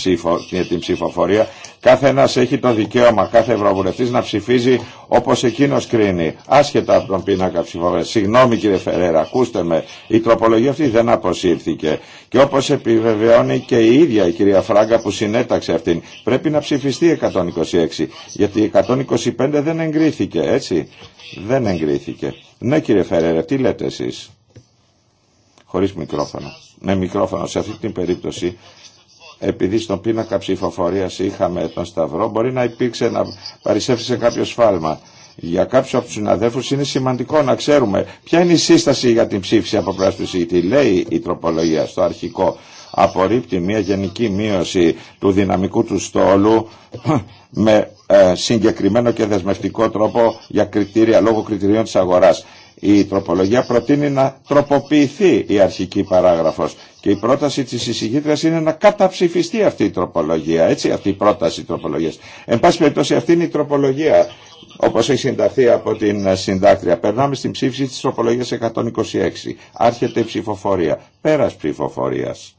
Speaker 2: για την ψηφοφορία, κάθε ένα έχει το δικαίωμα, κάθε ευρωβουλευτή να ψηφίζει όπω εκείνο κρίνει, άσχετα από τον πίνακα ψηφοφορία. Συγγνώμη κύριε Φερέρε, ακούστε με, η τροπολογία αυτή δεν αποσύρθηκε. Και όπω επιβεβαιώνει και η ίδια η κυρία Φράγκα που συνέταξε αυτήν, πρέπει να ψηφιστεί 126, γιατί 125 δεν εγκρίθηκε, έτσι, δεν εγκρίθηκε. Ναι κύριε Φερέρε, τι λέτε εσεί. Χωρί μικρόφωνο με μικρόφωνο σε αυτή την περίπτωση επειδή στον πίνακα ψηφοφορία είχαμε τον Σταυρό, μπορεί να υπήρξε, να παρισέφθησε κάποιο σφάλμα. Για κάποιου από του συναδέλφου είναι σημαντικό να ξέρουμε ποια είναι η σύσταση για την ψήφιση από πλευρά του Λέει η τροπολογία στο αρχικό. Απορρίπτει μια γενική μείωση του δυναμικού του στόλου με ε, συγκεκριμένο και δεσμευτικό τρόπο για κριτήρια, λόγω κριτηρίων της αγοράς η τροπολογία προτείνει να τροποποιηθεί η αρχική παράγραφος και η πρόταση της εισηγήτριας είναι να καταψηφιστεί αυτή η τροπολογία, έτσι, αυτή η πρόταση τροπολογίας. Εν πάση περιπτώσει αυτή είναι η τροπολογία όπως έχει συνταχθεί από την συντάκτρια. Περνάμε στην ψήφιση της τροπολογίας 126. Άρχεται η ψηφοφορία. Πέρας ψηφοφορίας.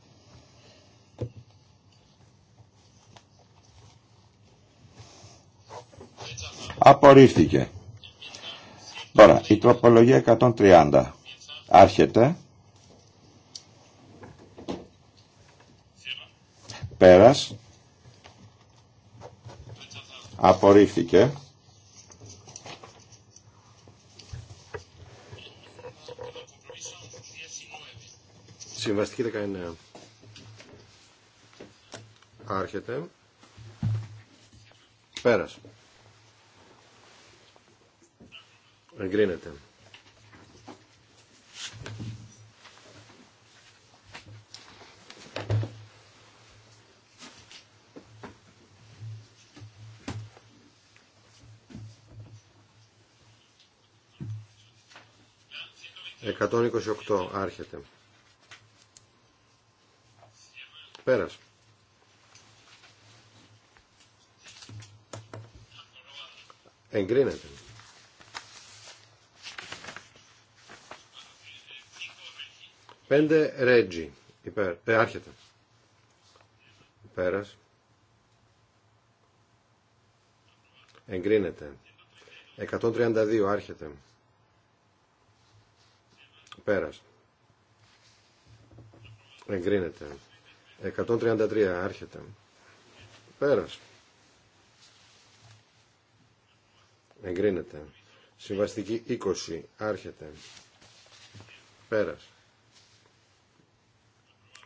Speaker 2: Απορρίφθηκε. Τώρα, η τροπολογία 130 άρχεται. Πέρας. Απορρίφθηκε.
Speaker 1: Συμβαστική 19. Άρχεται. πέρας. Εγκρίνεται. Εκατόν εικοσιοκτώ. Άρχεται. Πέρας. Εγκρίνεται. 5 Ρέτζι. Ε, άρχεται. Πέρας. Εγκρίνεται. 132 άρχεται. Πέρας. Εγκρίνεται. 133 άρχεται. Πέρας. Εγκρίνεται. Συμβαστική 20 άρχεται. Πέρας.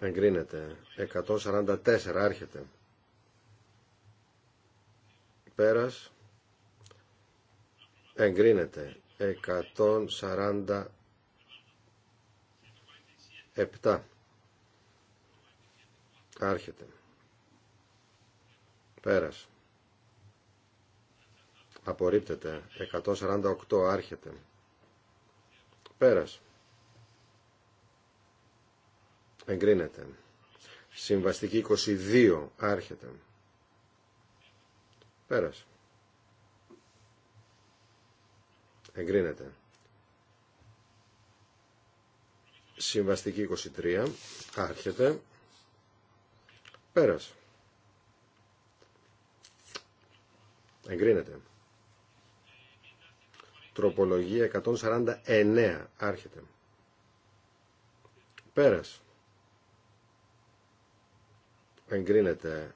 Speaker 1: Εγκρίνεται. 144 άρχεται. Πέρας. Εγκρίνεται. 147 άρχεται. Πέρας. Απορρίπτεται. 148 άρχεται. Πέρας. Εγκρίνεται. Συμβαστική 22. Άρχεται. Πέρασε. Εγκρίνεται. Συμβαστική 23. Άρχεται. Πέρασε. Εγκρίνεται. Τροπολογία 149. Άρχεται. Πέρασε εγκρίνεται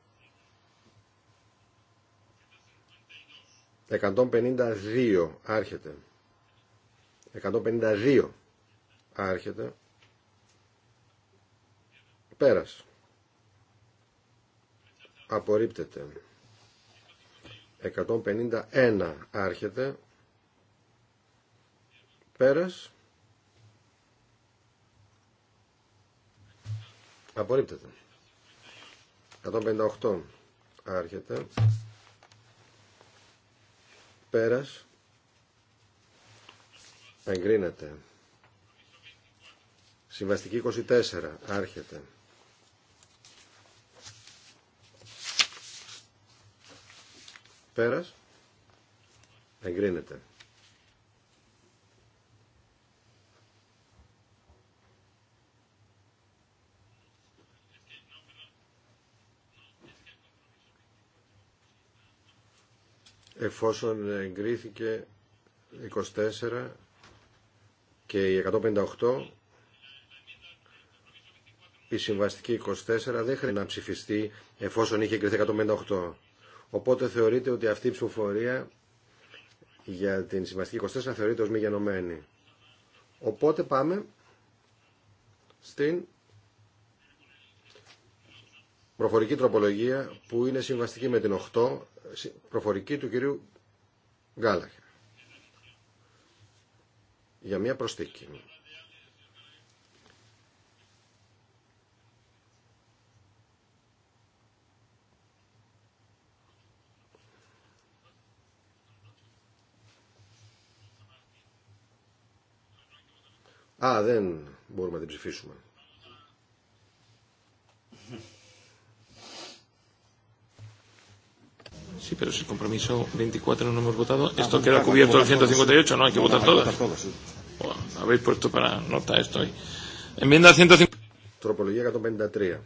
Speaker 1: 152 άρχεται 152 άρχεται πέρας απορρίπτεται 151 άρχεται πέρας απορρίπτεται 158 άρχεται πέρας εγκρίνεται συμβαστική 24 άρχεται πέρας εγκρίνεται εφόσον εγκρίθηκε 24 και η 158 η συμβαστική 24 δεν χρειάζεται να ψηφιστεί εφόσον είχε εγκριθεί 158. Οπότε θεωρείται ότι αυτή η ψηφοφορία για την συμβαστική 24 θεωρείται ως μη γενομένη. Οπότε πάμε στην προφορική τροπολογία που είναι συμβαστική με την 8 προφορική του κυρίου Γκάλαχερ για μια προσθήκη. Α, δεν μπορούμε να την ψηφίσουμε.
Speaker 3: Sí, pero si el compromiso 24 no hemos votado, ¿esto queda cubierto el 158? No, hay que votar todas. sí. Habéis puesto para nota esto hoy. Enmienda 150.
Speaker 1: 153.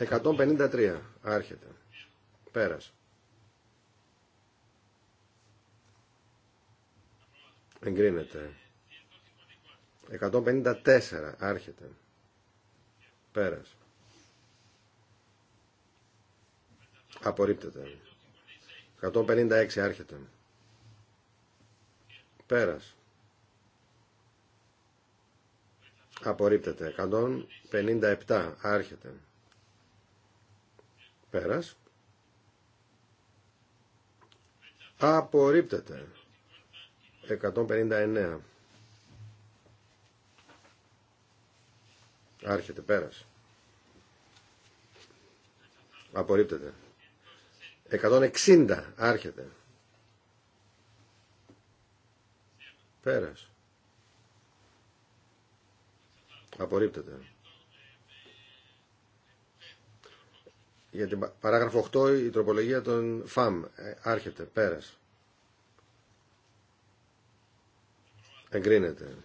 Speaker 1: Εκατόν πενήντα τρία. Άρχεται. Πέρας. Εγκρίνεται. Εκατόν πενήντα τέσσερα. Άρχεται. Πέρας. Απορρίπτεται. 156 άρχεται. Πέρας. Απορρίπτεται. 157 άρχεται. Πέρας. Απορρίπτεται. 159 Άρχεται πέρας. Απορρίπτεται. 160 άρχεται. Πέρασε. Απορρίπτεται. Για την παράγραφο 8 η τροπολογία των ΦΑΜ ε, άρχεται. πέρασε. Εγκρίνεται.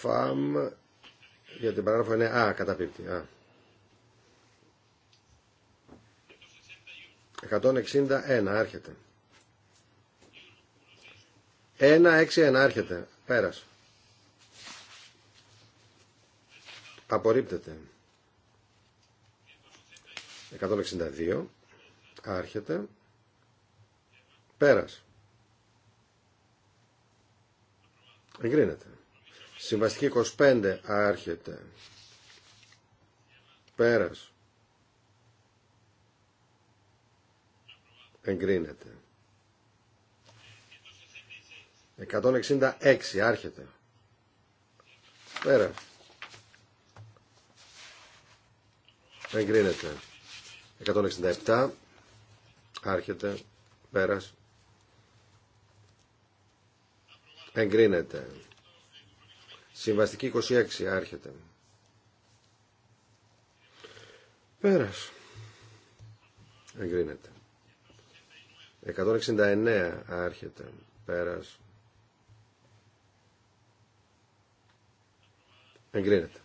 Speaker 1: ΦΑΜ για την παράγραφο 9α καταπίπτει. Α. 161 άρχεται. 161 άρχεται. Πέρασε. Απορρίπτεται. 162 άρχεται. Πέρασε. Εγκρίνεται. Συμβαστική 25 άρχεται. Πέρας. Εγκρίνεται. 166 άρχεται. Πέρας. Εγκρίνεται. 167 άρχεται. Πέρας. Εγκρίνεται. Συμβαστική 26 άρχεται. Πέρας. Εγκρίνεται. 169 άρχεται. Πέρας. Εγκρίνεται.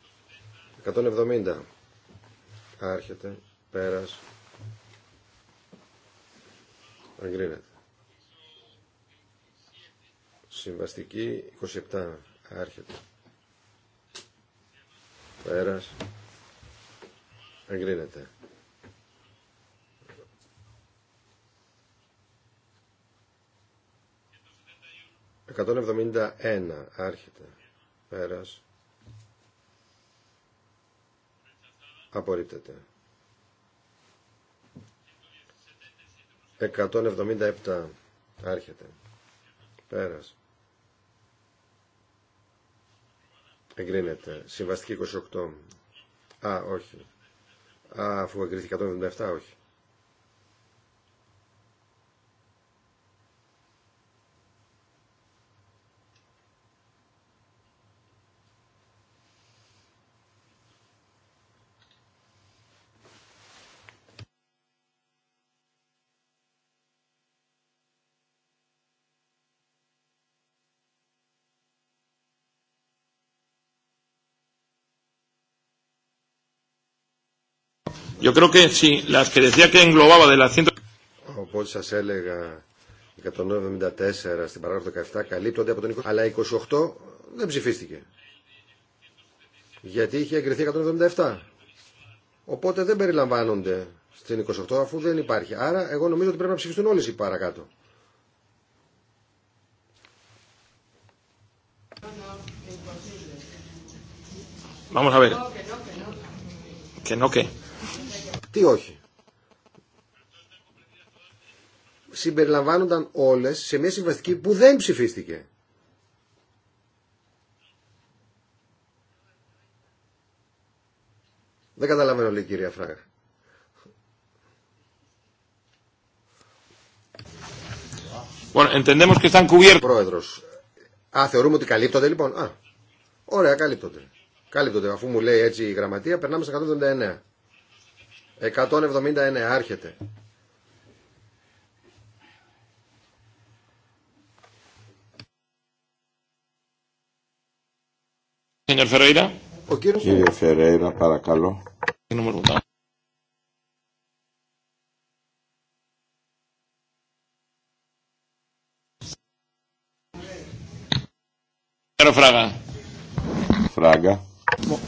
Speaker 1: 170 άρχεται. Πέρας. Εγκρίνεται. Συμβαστική 27 άρχεται. Πέρας. Εγκρίνεται. Εκατόν εβδομήντα ένα. Άρχεται. Πέρας. Απορρίπτεται. 177 άρχεται. Πέρας. Εγκρίνεται. Συμβαστική 28. Α, όχι. Α, αφού εγκρίθηκε 177, όχι.
Speaker 3: Yo creo que si las que decía que englobaba de las 100...
Speaker 1: Οπότε σα έλεγα 174 στην παράγραφο 17 καλύπτονται από τον 20, αλλά 28 δεν ψηφίστηκε. Γιατί είχε εγκριθεί 177. Οπότε δεν περιλαμβάνονται στην 28 αφού δεν υπάρχει. Άρα εγώ νομίζω ότι πρέπει να ψηφιστούν όλε οι παρακάτω.
Speaker 3: Vamos a ver. Que no, que. Τι όχι.
Speaker 1: Συμπεριλαμβάνονταν όλες σε μια συμβαστική που δεν ψηφίστηκε. Δεν καταλαβαίνω, λέει η κυρία Φράγα. Bueno, que están Πρόεδρος. Α, θεωρούμε ότι καλύπτονται λοιπόν. Α, ωραία, καλύπτονται. Καλύπτονται. Αφού μου λέει έτσι η γραμματεία, περνάμε στα 179. 179 άρχεται.
Speaker 3: Κύριε Φερέιρα. Ο κύριος... Κύριε
Speaker 2: Φερέιρα, παρακαλώ. κύριε Φράγα. Φράγκα.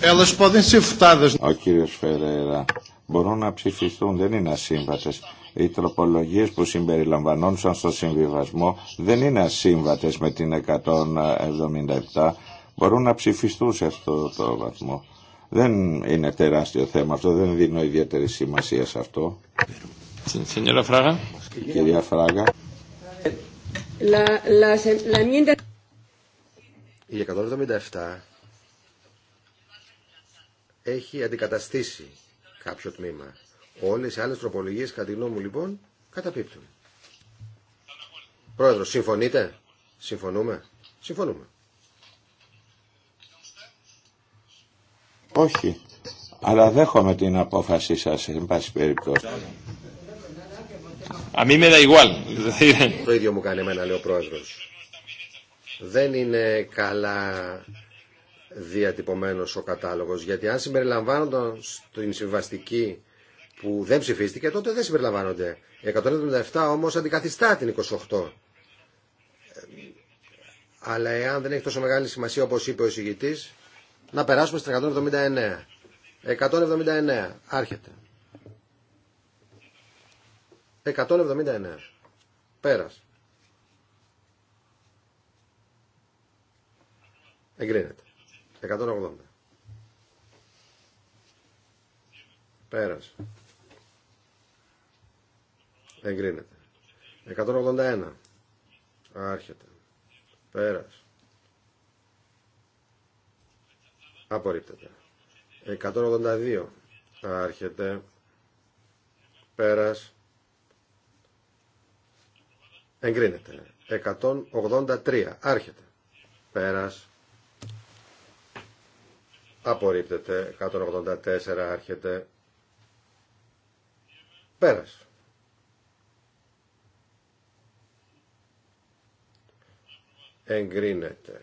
Speaker 2: Έλα σπόδιν σε φτάδες. Ο κύριος Φερέιρα μπορούν να ψηφιστούν, δεν είναι ασύμβατες. Οι τροπολογίες που συμπεριλαμβανόντουσαν στο συμβιβασμό δεν είναι ασύμβατες με την 177, μπορούν να ψηφιστούν σε αυτό το βαθμό. Δεν είναι τεράστιο θέμα αυτό, δεν δίνω ιδιαίτερη σημασία σε αυτό. Φράγα. Κυρία Φράγα.
Speaker 1: Η 177 έχει αντικαταστήσει κάποιο τμήμα. Όλες οι άλλες τροπολογίες, κατά τη γνώμη μου λοιπόν, καταπίπτουν. Πρόεδρο, συμφωνείτε? Συμφωνούμε? Συμφωνούμε.
Speaker 2: Όχι, αλλά δέχομαι την απόφασή σας, εν πάση περιπτώσει.
Speaker 1: Αμίμε igual. Το ίδιο μου κάνει εμένα, λέει ο πρόεδρος. Δεν είναι καλά διατυπωμένος ο κατάλογος, γιατί αν συμπεριλαμβάνονταν στην συμβαστική που δεν ψηφίστηκε, τότε δεν συμπεριλαμβάνονται. 177 όμως αντικαθιστά την 28. Αλλά εάν δεν έχει τόσο μεγάλη σημασία όπως είπε ο εισηγητής, να περάσουμε στα 179. 179. Άρχεται. 179. Πέρας. Εγκρίνεται. 180. Πέρας. Εγκρίνεται. 181. Άρχεται. Πέρας. Απορρίπτεται. 182. Άρχεται. Πέρας. Εγκρίνεται. 183. Άρχεται. Πέρας. Απορρίπτεται. 184 άρχεται. Πέρασε. Εγκρίνεται.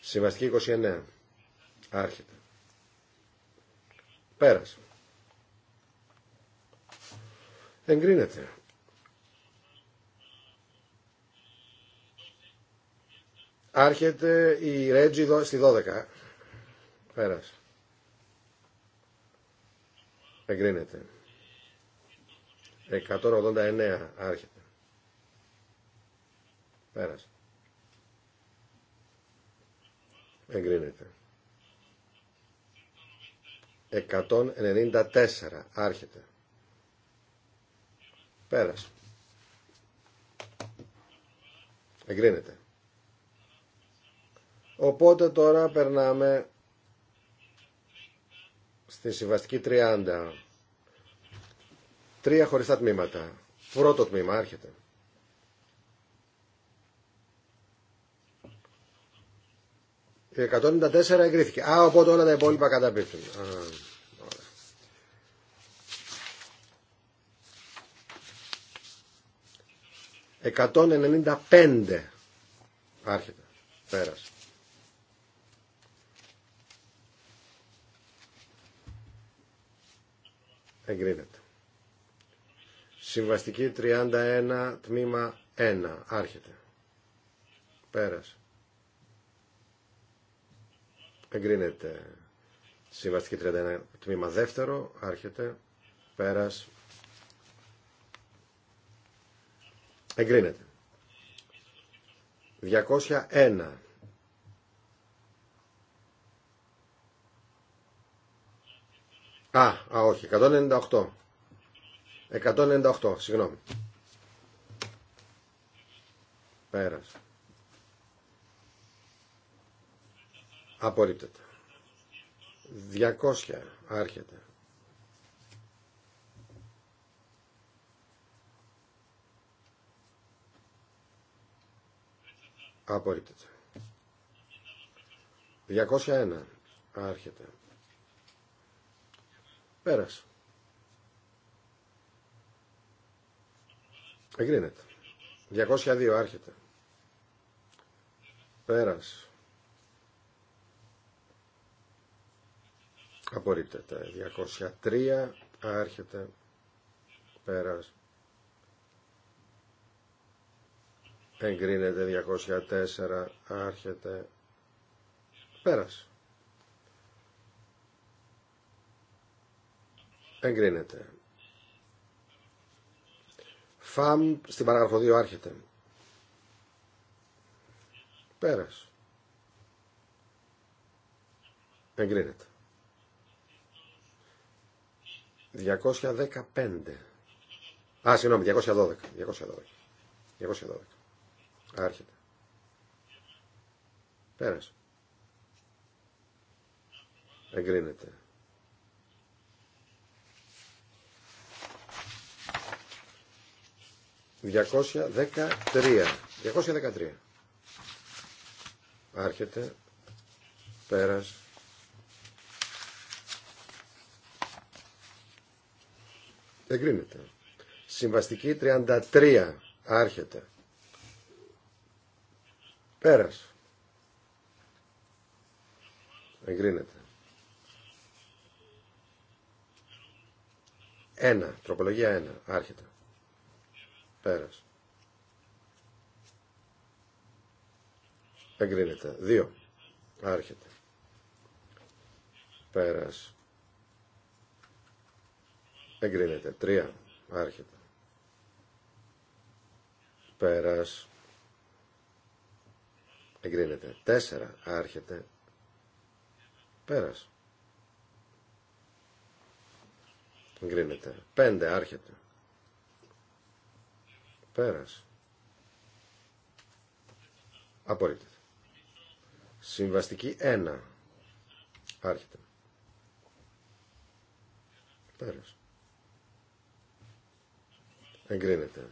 Speaker 1: Συμβαστική 29. Άρχεται. Πέρασε. Εγκρίνεται. Άρχεται η Ρέτζι στη 12. Πέρασε. Εγκρίνεται. 189 άρχεται. Πέρασε. Εγκρίνεται. 194 άρχεται Πέρασε. εγκρίνεται οπότε τώρα περνάμε στη συμβαστική 30 τρία χωριστά τμήματα πρώτο τμήμα άρχεται 194 εγκρίθηκε. Α, οπότε όλα τα υπόλοιπα καταπίπτουν. Α, άρχεται. Πέρασε. Εγκρίνεται. Συμβαστική 31 τμήμα 1 άρχεται. Πέρασε εγκρίνεται. Συμβαστική 31 τμήμα δεύτερο, άρχεται, πέρας, εγκρίνεται. 201. Α, α, όχι, 198. 198, συγγνώμη. Πέρας. Απορρίπτεται. 200 άρχεται. Απορρίπτεται. 201 άρχεται. Πέρασε. Εγκρίνεται. 202 άρχεται. Πέρασε. Απορρίπτεται. 203. Άρχεται. πέρα. Εγκρίνεται. 204. Άρχεται. Πέρας. Εγκρίνεται. ΦΑΜ στην παράγραφο 2 άρχεται. Πέρας. Εγκρίνεται. 215. Α, συγγνώμη, 212. 212. 212. Άρχεται. Πέρασε. Εγκρίνεται. 213. 213. Άρχεται. Πέρασε. Εγκρίνεται. Συμβαστική 33. Άρχεται. Πέρας. Εγκρίνεται. Ένα. Τροπολογία ένα. Άρχεται. Πέρας. Εγκρίνεται. Δύο. Άρχεται. Πέρας. Εγκρίνεται. τρία, Άρχεται. Πέρας. Εγκρίνεται. τέσσερα, Άρχεται. Πέρας. Εγκρίνεται. πέντε, Άρχεται. Πέρας. Απορρίπτεται. Συμβαστική ένα, Άρχεται. Πέρας. Εγκρίνεται.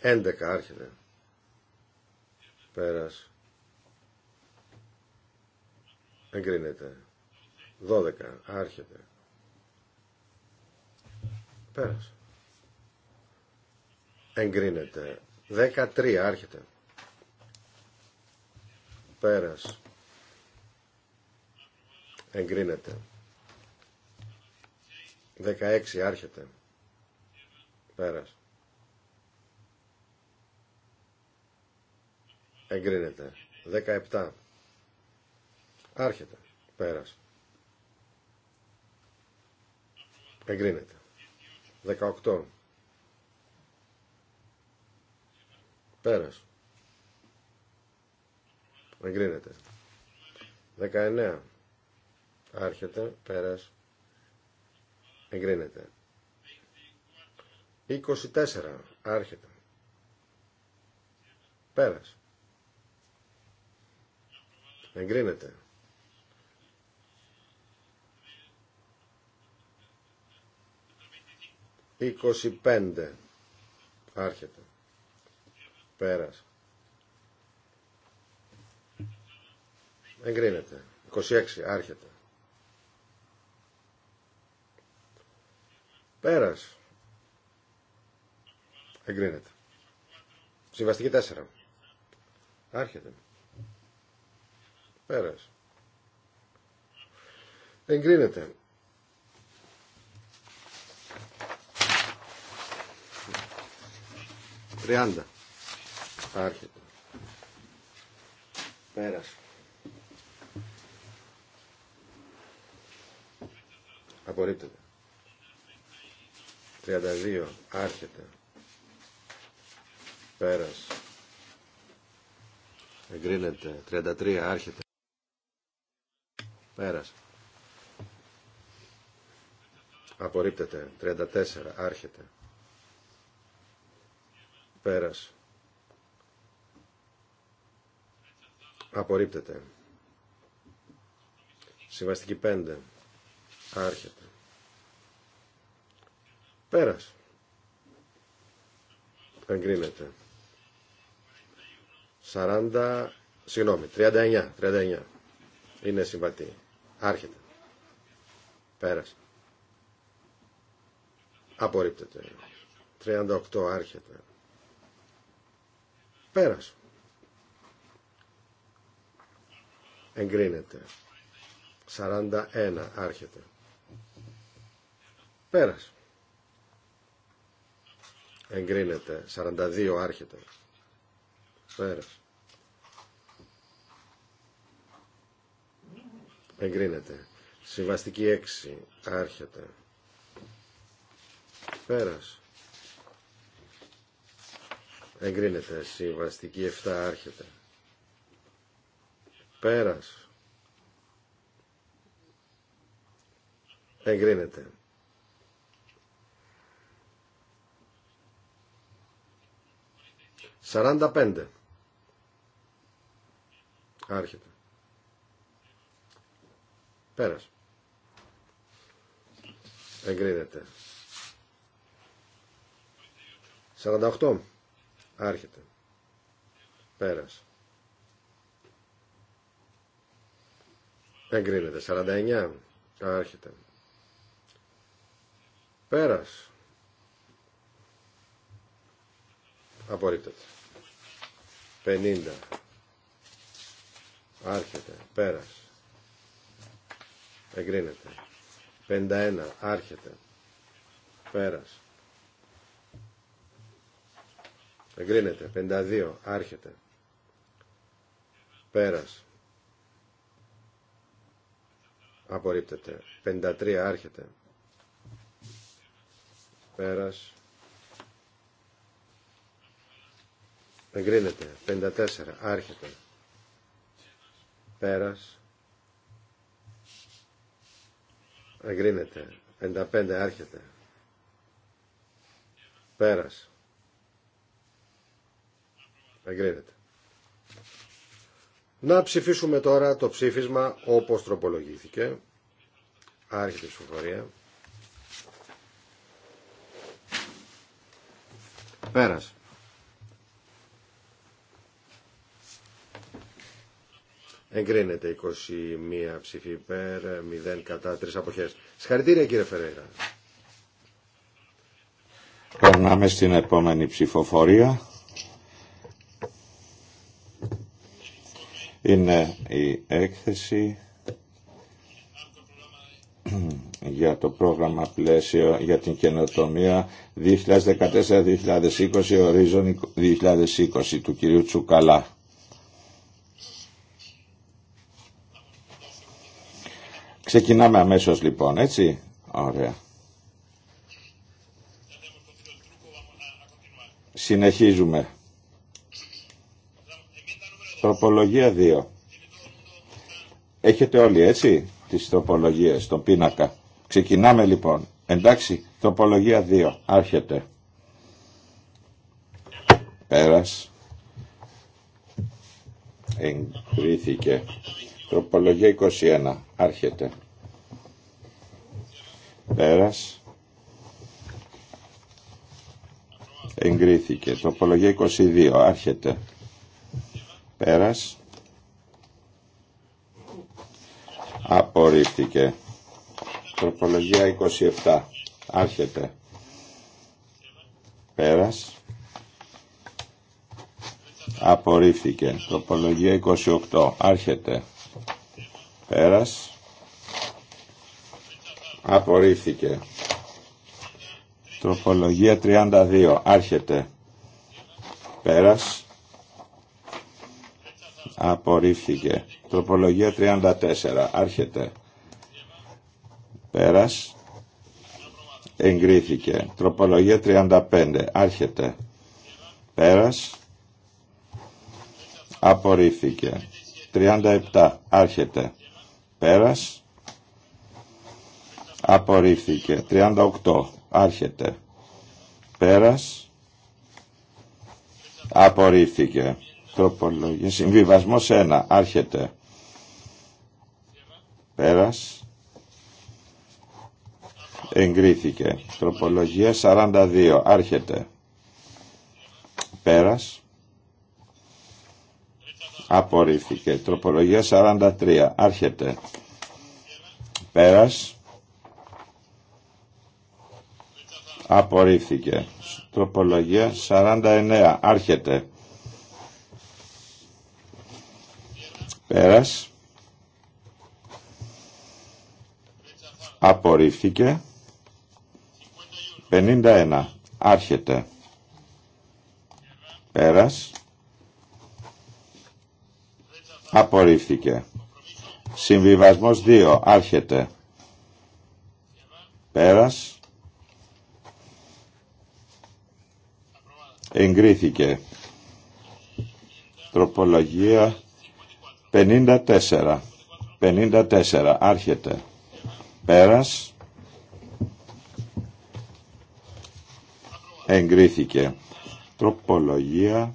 Speaker 1: Έντεκα άρχεται. Πέρας. Εγκρίνεται. Δώδεκα άρχεται. Πέρας. Εγκρίνεται. Δεκατρία άρχεται. Πέρας. Εγκρίνεται. 16 άρχεται. Πέρας. Εγκρίνεται. 17. Άρχεται. Πέρας. Εγκρίνεται. 18. Πέρας. Εγκρίνεται. 19. Άρχεται. Πέρας. Εγκρίνεται. 24. Άρχεται. Πέρας. Εγκρίνεται. 25. Άρχεται. Πέρας. Εγκρίνεται. 26. Άρχεται. Πέρας. Εγκρίνεται. Συμβαστική 4. Άρχεται. Πέρας. Εγκρίνεται. Τριάντα. Άρχεται. Πέρας. Απορρίπτεται. 32 άρχεται πέρας εγκρίνεται 33 άρχεται πέρας απορρίπτεται 34 άρχεται πέρας απορρίπτεται συμβαστική 5 άρχεται Πέρας. Εγκρίνεται. 40, συγγνώμη, 39, 39. Είναι συμβατή. Άρχεται. Πέρας. Απορρίπτεται. 38 άρχεται. Πέρας. Εγκρίνεται. 41 άρχεται. Πέρας εγκρίνεται 42 άρχεται πέρα. εγκρίνεται συμβαστική 6 άρχεται πέρας εγκρίνεται συμβαστική 7 άρχεται πέρας εγκρίνεται 45. Άρχεται. Πέρασε. Εγκρίνεται. 48. Άρχεται. Πέρασε. Εγκρίνεται. 49. Άρχεται. Πέρασε. Απορρίπτεται. 50. Άρχεται. Πέρας. Εγκρίνεται. 51. Άρχεται. Πέρας. Εγκρίνεται. 52. Άρχεται. Πέρας. Απορρίπτεται. 53. Άρχεται. Πέρας. Εγκρίνεται. 54. Άρχεται. Πέρας. Εγκρίνεται. 55. Άρχεται. Πέρας. Εγκρίνεται. Να ψηφίσουμε τώρα το ψήφισμα όπως τροπολογήθηκε. Άρχεται η ψηφοφορία. Πέρας. Εγκρίνεται 21 ψήφι υπέρ, 0 κατά, 3 αποχές. Συγχαρητήρια κύριε Φερέιρα.
Speaker 2: Περνάμε στην επόμενη ψηφοφορία. Είναι η έκθεση για το πρόγραμμα πλαίσιο για την καινοτομία 2014-2020 ορίζον 2020 του κυρίου Τσουκαλά. Ξεκινάμε αμέσως λοιπόν, έτσι. Ωραία. Συνεχίζουμε. Τροπολογία 2. Έχετε όλοι έτσι τις τροπολογίες, τον πίνακα. Ξεκινάμε λοιπόν. Εντάξει, τροπολογία 2. Άρχεται. Πέρας. Εγκρίθηκε. Τροπολογία 21. Άρχεται. Πέρας. Εγκρίθηκε. Τοπολογία 22. Άρχεται. Πέρας. Απορρίφθηκε. Τροπολογία 27. Άρχεται. Πέρας. Απορρίφθηκε. Τροπολογία 28. Άρχεται. Πέρας απορρίφθηκε. Τροπολογία 32. Άρχεται. Πέρας. Απορρίφθηκε. Τροπολογία 34. Άρχεται. Πέρας. Εγκρίθηκε. Τροπολογία 35. Άρχεται. Πέρας. Απορρίφθηκε. 37. Άρχεται. Πέρας απορρίφθηκε 38 άρχεται πέρας απορρίφθηκε τροπολογία συμβιβασμός 1 άρχεται πέρας εγκρίθηκε τροπολογία 42 άρχεται πέρας απορρίφθηκε τροπολογία 43 άρχεται πέρας απορρίφθηκε. Τροπολογία 49. Άρχεται. Πέρας. Απορρίφθηκε. 51. Άρχεται. Πέρας. Απορρίφθηκε. Συμβιβασμός 2. Άρχεται. Πέρας. εγκρίθηκε. Τροπολογία 54. 54. Άρχεται. Πέρας. Εγκρίθηκε. Τροπολογία 55.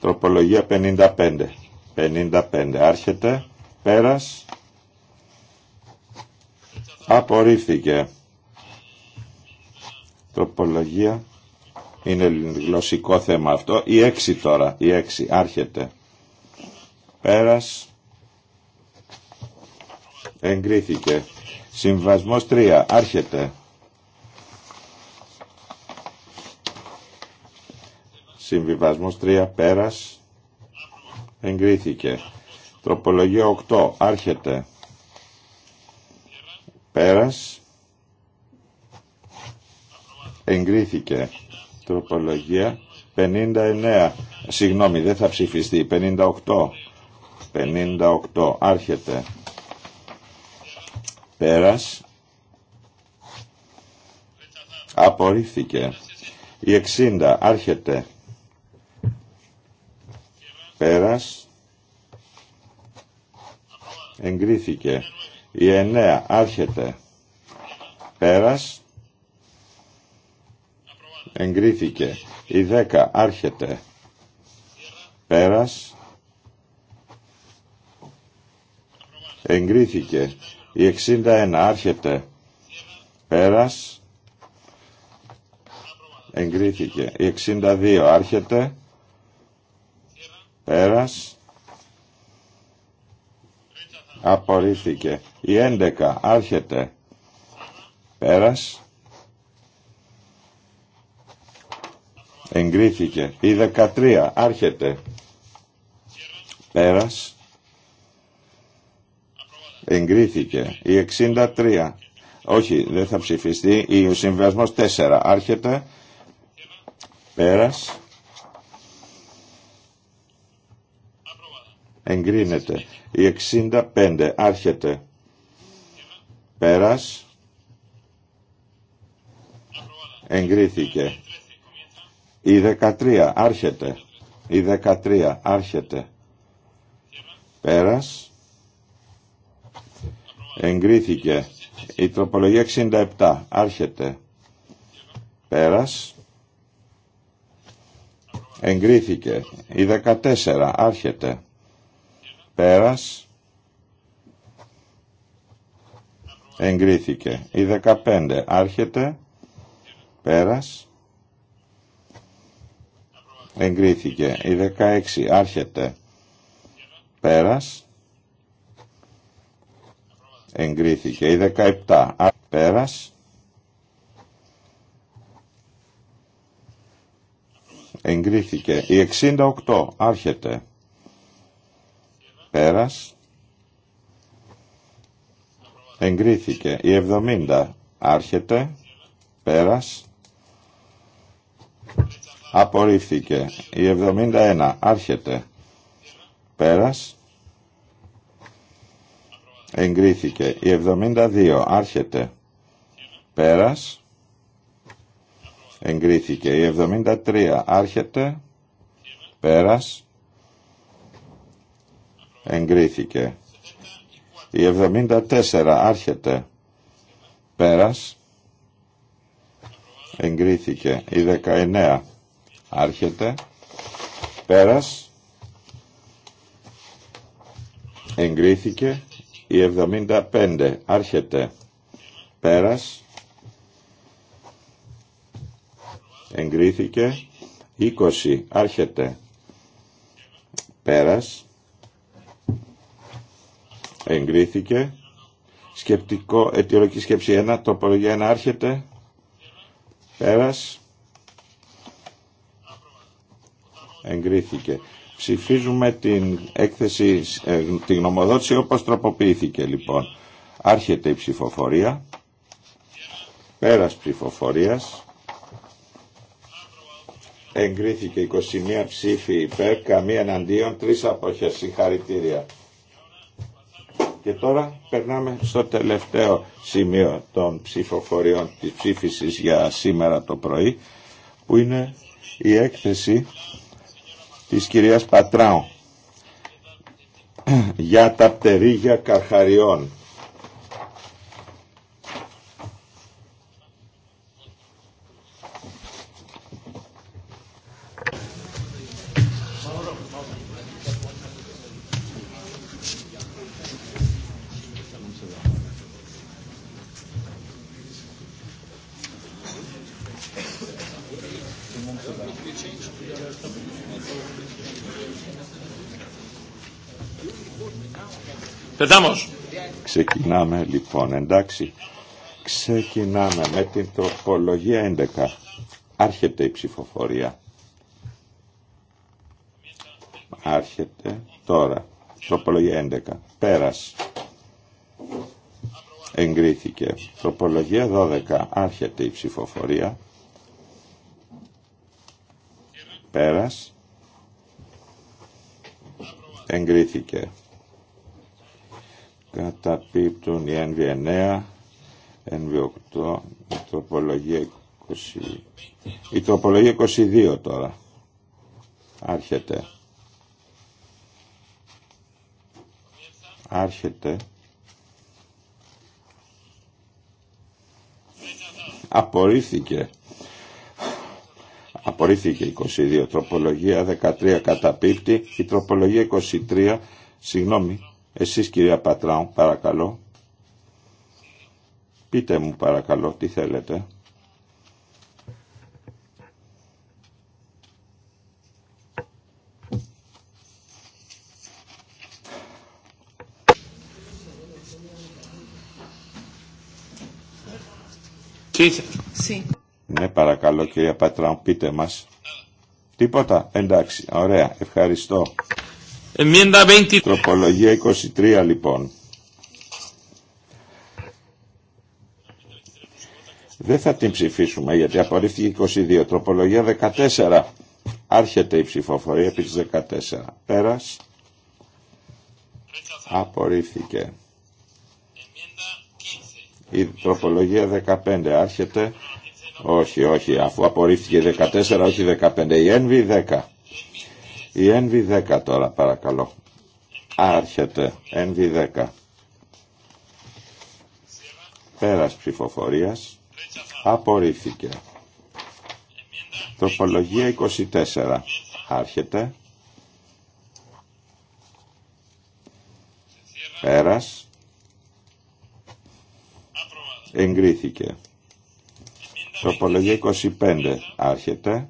Speaker 2: Τροπολογία 55. 55. Άρχεται. Πέρας. Απορρίφθηκε. Τροπολογία. Είναι γλωσσικό θέμα αυτό. Η 6 τώρα. Η 6, Άρχεται. Πέρας. Εγκρίθηκε. Συμβασμός 3. Άρχεται. Συμβιβασμός 3. Πέρας. Εγκρίθηκε. Τροπολογία 8. Άρχεται. Πέρας. Εγκρίθηκε τροπολογία 59. Συγγνώμη, δεν θα ψηφιστεί. 58. 58. Άρχεται. Πέρας. Απορρίφθηκε. Η 60. Άρχεται. Πέρας. Εγκρίθηκε. Η 9 άρχεται πέρας. Εγκρίθηκε. Η 10 άρχεται πέρας. Εγκρίθηκε. Η 61 άρχεται πέρας. Εγκρίθηκε. Η 62 άρχεται πέρας απορρίφθηκε. Η 11 άρχεται πέρας. Εγκρίθηκε. Η 13 άρχεται πέρας. Εγκρίθηκε. Η 63. Όχι, δεν θα ψηφιστεί. Ο συμβιβασμό 4 άρχεται πέρας. Εγκρίνεται. Η 65 άρχεται Πέρας. Εγκρίθηκε. Η 13 άρχεται. Η 13 άρχεται. Πέρας. Εγκρίθηκε. Η τροπολογία 67 άρχεται. Πέρας. Εγκρίθηκε. Η 14 άρχεται. Πέρας. εγκρίθηκε. Η 15 άρχεται, πέρας, εγκρίθηκε. Η 16 άρχεται, πέρας, εγκρίθηκε. Η 17 πέρας, εγκρίθηκε. Η 68 άρχεται, πέρας, εγκρίθηκε. Η 70 άρχεται, πέρας, απορρίφθηκε. Η 71 άρχεται, πέρας, εγκρίθηκε. Η 72 άρχεται, πέρας, εγκρίθηκε. Η 73 άρχεται, πέρας, εγκρίθηκε. Η 74 άρχεται πέρας. Εγκρίθηκε. Η 19 άρχεται πέρας. Εγκρίθηκε. Η 75 άρχεται πέρας. Εγκρίθηκε. 20 άρχεται πέρας εγκρίθηκε. Σκεπτικό, αιτιολογική σκέψη 1, τοπολογια 1 άρχεται. Πέρας. Εγκρίθηκε. Ψηφίζουμε την έκθεση, ε, την γνωμοδότηση όπως τροποποιήθηκε λοιπόν. Άρχεται η ψηφοφορία. Πέρας ψηφοφορίας. Εγκρίθηκε 21 ψήφοι υπέρ, καμία εναντίον, τρεις αποχές. Συγχαρητήρια. Και τώρα περνάμε στο τελευταίο σημείο των ψηφοφοριών της ψήφισης για σήμερα το πρωί που είναι η έκθεση της κυρίας Πατράου για τα πτερίγια καρχαριών. Ξεκινάμε λοιπόν, εντάξει. Ξεκινάμε με την τροπολογία 11. Άρχεται η ψηφοφορία. Άρχεται τώρα. Τροπολογία 11. Πέρας. Εγκρίθηκε. Τροπολογία 12. Άρχεται η ψηφοφορία. Πέρας. Εγκρίθηκε καταπίπτουν η NV9, NV8, η τροπολογία 20, η τροπολογία 22 τώρα άρχεται. Άρχεται. Απορρίφθηκε. Απορρίφθηκε 22. Τροπολογία 13 καταπίπτει. Η τροπολογία 23, συγγνώμη, εσείς κυρία Πατράου, παρακαλώ. Πείτε μου παρακαλώ τι θέλετε. Sí. Ναι, παρακαλώ κυρία Πατράου, πείτε μας. Τίποτα, εντάξει, ωραία, ευχαριστώ. Τροπολογία 23 λοιπόν. Δεν θα την ψηφίσουμε γιατί απορρίφθηκε 22. Τροπολογία 14. Άρχεται η ψηφοφορία επί της 14. Πέρας. Απορρίφθηκε. Η τροπολογία 15 άρχεται. Όχι, όχι, αφού απορρίφθηκε 14, όχι 15. Η ένβη 10. Η NV10 τώρα παρακαλώ. Άρχεται. NV10. Πέρας ψηφοφορίας. Απορρίφθηκε. Τροπολογία 24. Άρχεται. Πέρας. Εγκρίθηκε. Τροπολογία 25. Άρχεται.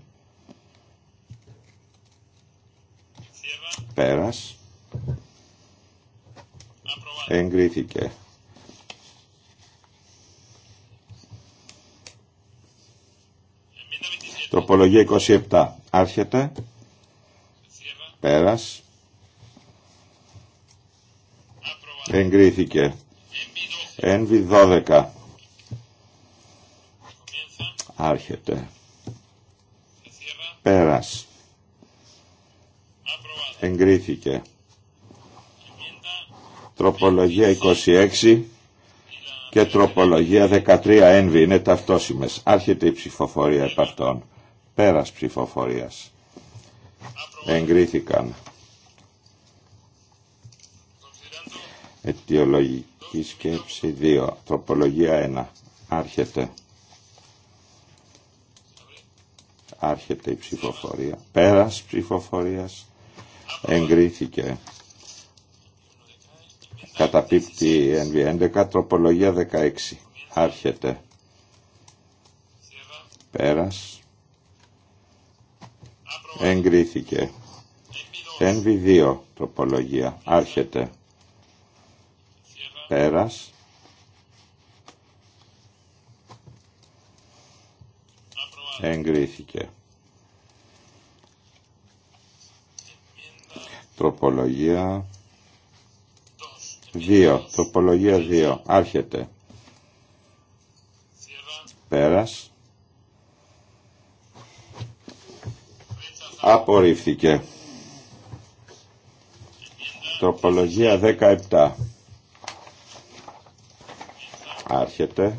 Speaker 2: πέρας εγκρίθηκε. Τροπολογία 27. Άρχεται. Πέρας. Εγκρίθηκε. Ένβι 12. Άρχεται. Πέρας εγκρίθηκε. Τροπολογία 26 και τροπολογία 13 ένβη είναι ταυτόσιμες. Άρχεται η ψηφοφορία επ' αυτών. Πέρας ψηφοφορίας. Εγκρίθηκαν. Αιτιολογική σκέψη 2. Τροπολογία 1. Άρχεται. Άρχεται η ψηφοφορία. Πέρας ψηφοφορίας εγκρίθηκε. Καταπίπτει NV11, τροπολογία 16. Άρχεται. Πέρας. Εγκρίθηκε. NV2, τροπολογία. Άρχεται. Πέρας. Εγκρίθηκε. Τροπολογία 2. Τροπολογία 2. Άρχεται. Πέρας. Απορρίφθηκε. Τροπολογία 17. Άρχεται.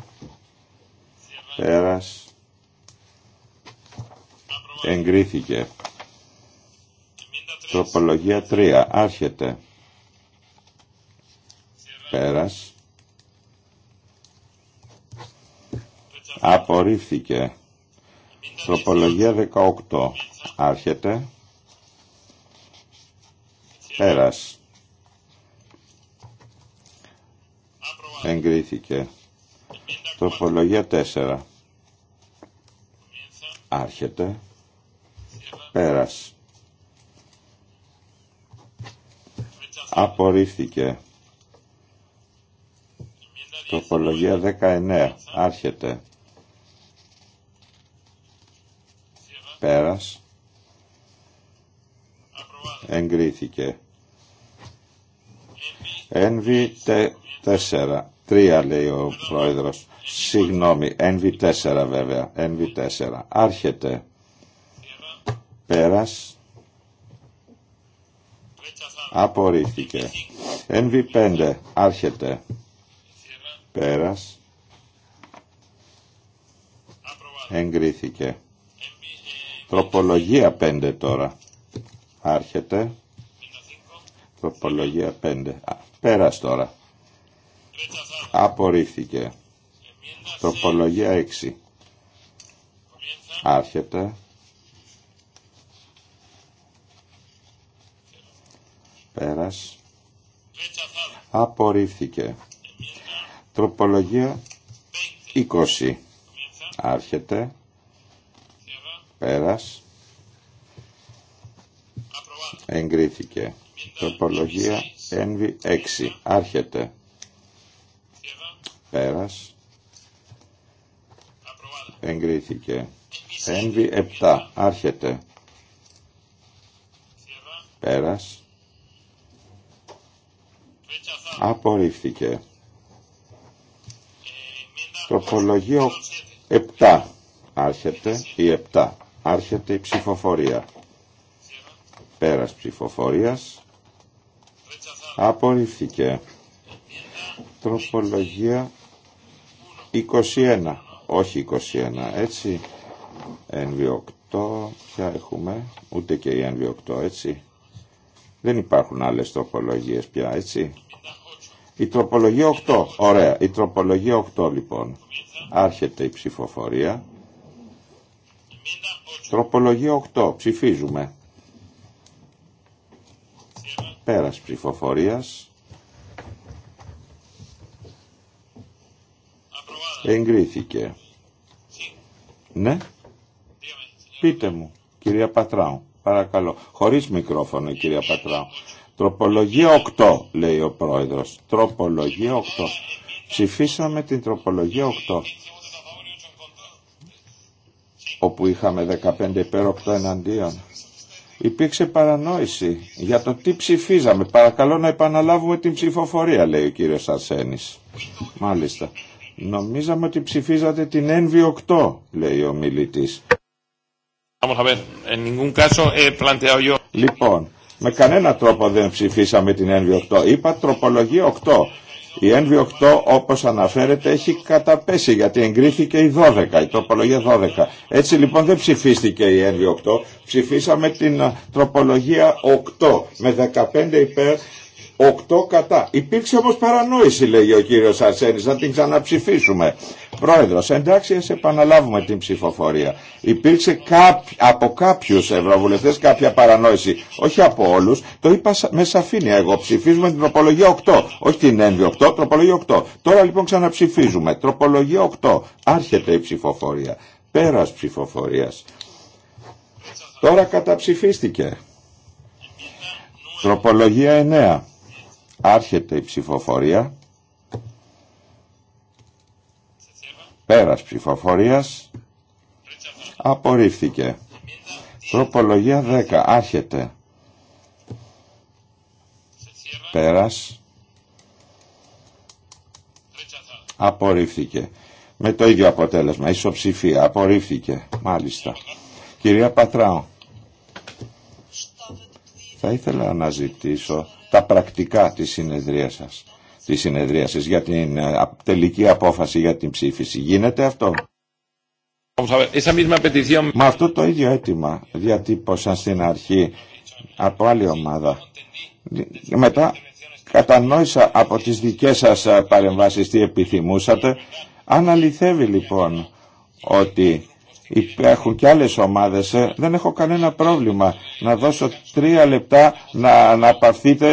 Speaker 2: Πέρας. Εγκρίθηκε. Τροπολογία 3. Άρχεται. Πέρας. Απορρίφθηκε. Τροπολογία 18. Άρχεται. Πέρας. Εγκρίθηκε. Τροπολογία 4. Άρχεται. Πέρας. απορρίφθηκε. Τροπολογία 19. Άρχεται. Πέρας. Εγκρίθηκε. NV4. Τρία λέει ο πρόεδρος. Συγγνώμη. NV4 βέβαια. NV4. Άρχεται. Πέρας απορρίφθηκε. NV5 άρχεται πέρας εγκρίθηκε. Τροπολογία 5 τώρα άρχεται. Τροπολογία 5. Πέρας τώρα. Απορρίφθηκε. Τροπολογία 6. Άρχεται. Πέρας. Απορρίφθηκε. Τροπολογία 20. Άρχεται. Πέρας. Εγκρίθηκε. Τροπολογία ένβη 6. Άρχεται. Πέρας. Εγκρίθηκε. Ένβη 7. Άρχεται. Πέρας. Απορρίφθηκε. Τροπολογία 7. Άρχεται η 7. Άρχεται η ψηφοφορία. Πέρας ψηφοφορίας. Απορρίφθηκε. Τροπολογία 21. Όχι 21. Έτσι. NV8. Ποια έχουμε. Ούτε και η NV8. Έτσι. Δεν υπάρχουν άλλες τροπολογίες πια. Έτσι. Η τροπολογία 8. Ωραία. Η τροπολογία 8 λοιπόν. Άρχεται η ψηφοφορία. Τροπολογία 8. Ψηφίζουμε. Πέρας ψηφοφορίας. Εγκρίθηκε. Ναι. Πείτε μου, κυρία Πατράου. Παρακαλώ. Χωρίς μικρόφωνο, κυρία Πατράου. Τροπολογία 8, λέει ο πρόεδρος. Τροπολογία 8. Ψηφίσαμε την τροπολογία 8 όπου είχαμε 15 υπέρ 8 εναντίον. Υπήρξε παρανόηση για το τι ψηφίζαμε. Παρακαλώ να επαναλάβουμε την ψηφοφορία, λέει ο κύριος Αρσένης. Μάλιστα. Νομίζαμε ότι ψηφίζατε την ένβη 8, λέει ο μιλητής. Λοιπόν, με κανένα τρόπο δεν ψηφίσαμε την NV8. Είπα τροπολογία 8. Η NV8 όπως αναφέρεται έχει καταπέσει γιατί εγκρίθηκε η 12, η τροπολογία 12. Έτσι λοιπόν δεν ψηφίστηκε η NV8, ψηφίσαμε την τροπολογία 8 με 15 υπέρ 8 κατά. Υπήρξε όμως παρανόηση λέγει ο κύριος Αρσένης να την ξαναψηφίσουμε. Πρόεδρο, εντάξει, ας επαναλάβουμε την ψηφοφορία. Υπήρξε κάποι, από κάποιου ευρωβουλευτές κάποια παρανόηση, όχι από όλους. Το είπα με σαφήνεια εγώ, ψηφίζουμε την τροπολογία 8, όχι την ένδυ 8, τροπολογία 8. Τώρα λοιπόν ξαναψηφίζουμε, τροπολογία 8, άρχεται η ψηφοφορία, πέρας ψηφοφορίας. Τώρα καταψηφίστηκε. Τροπολογία 9 Άρχεται η ψηφοφορία. Πέρας ψηφοφορίας. Απορρίφθηκε. Τροπολογία 10. Άρχεται. Πέρας. Απορρίφθηκε. Με το ίδιο αποτέλεσμα. Ισοψηφία. Απορρίφθηκε. Μάλιστα. Κυρία Πατράου. Θα ήθελα να ζητήσω τα πρακτικά της συνεδρίας σας, της συνεδρίασης για την ε, τελική απόφαση για την ψήφιση. Γίνεται αυτό.
Speaker 3: Με αυτό το ίδιο
Speaker 2: αίτημα διατύπωσαν στην αρχή από άλλη ομάδα. Μετά κατανόησα από τις δικές σας ε, παρεμβάσεις τι επιθυμούσατε. Αν λοιπόν ότι υπάρχουν και άλλες ομάδες, ε. δεν έχω κανένα πρόβλημα να δώσω τρία λεπτά να, να,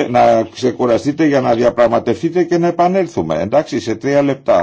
Speaker 2: να ξεκουραστείτε για να διαπραγματευτείτε και να επανέλθουμε. Εντάξει, σε τρία λεπτά.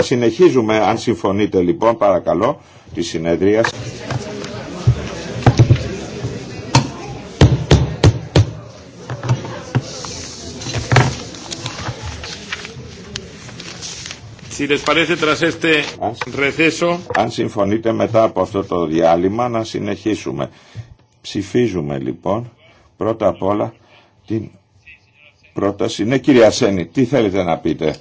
Speaker 2: Συνεχίζουμε, αν συμφωνείτε λοιπόν, παρακαλώ, τη συνεδρία. Si les Αν συμφωνείτε μετά από αυτό το διάλειμμα να συνεχίσουμε. Ψηφίζουμε λοιπόν πρώτα απ' όλα την πρόταση. Ναι κύριε Ασένη, τι θέλετε να πείτε.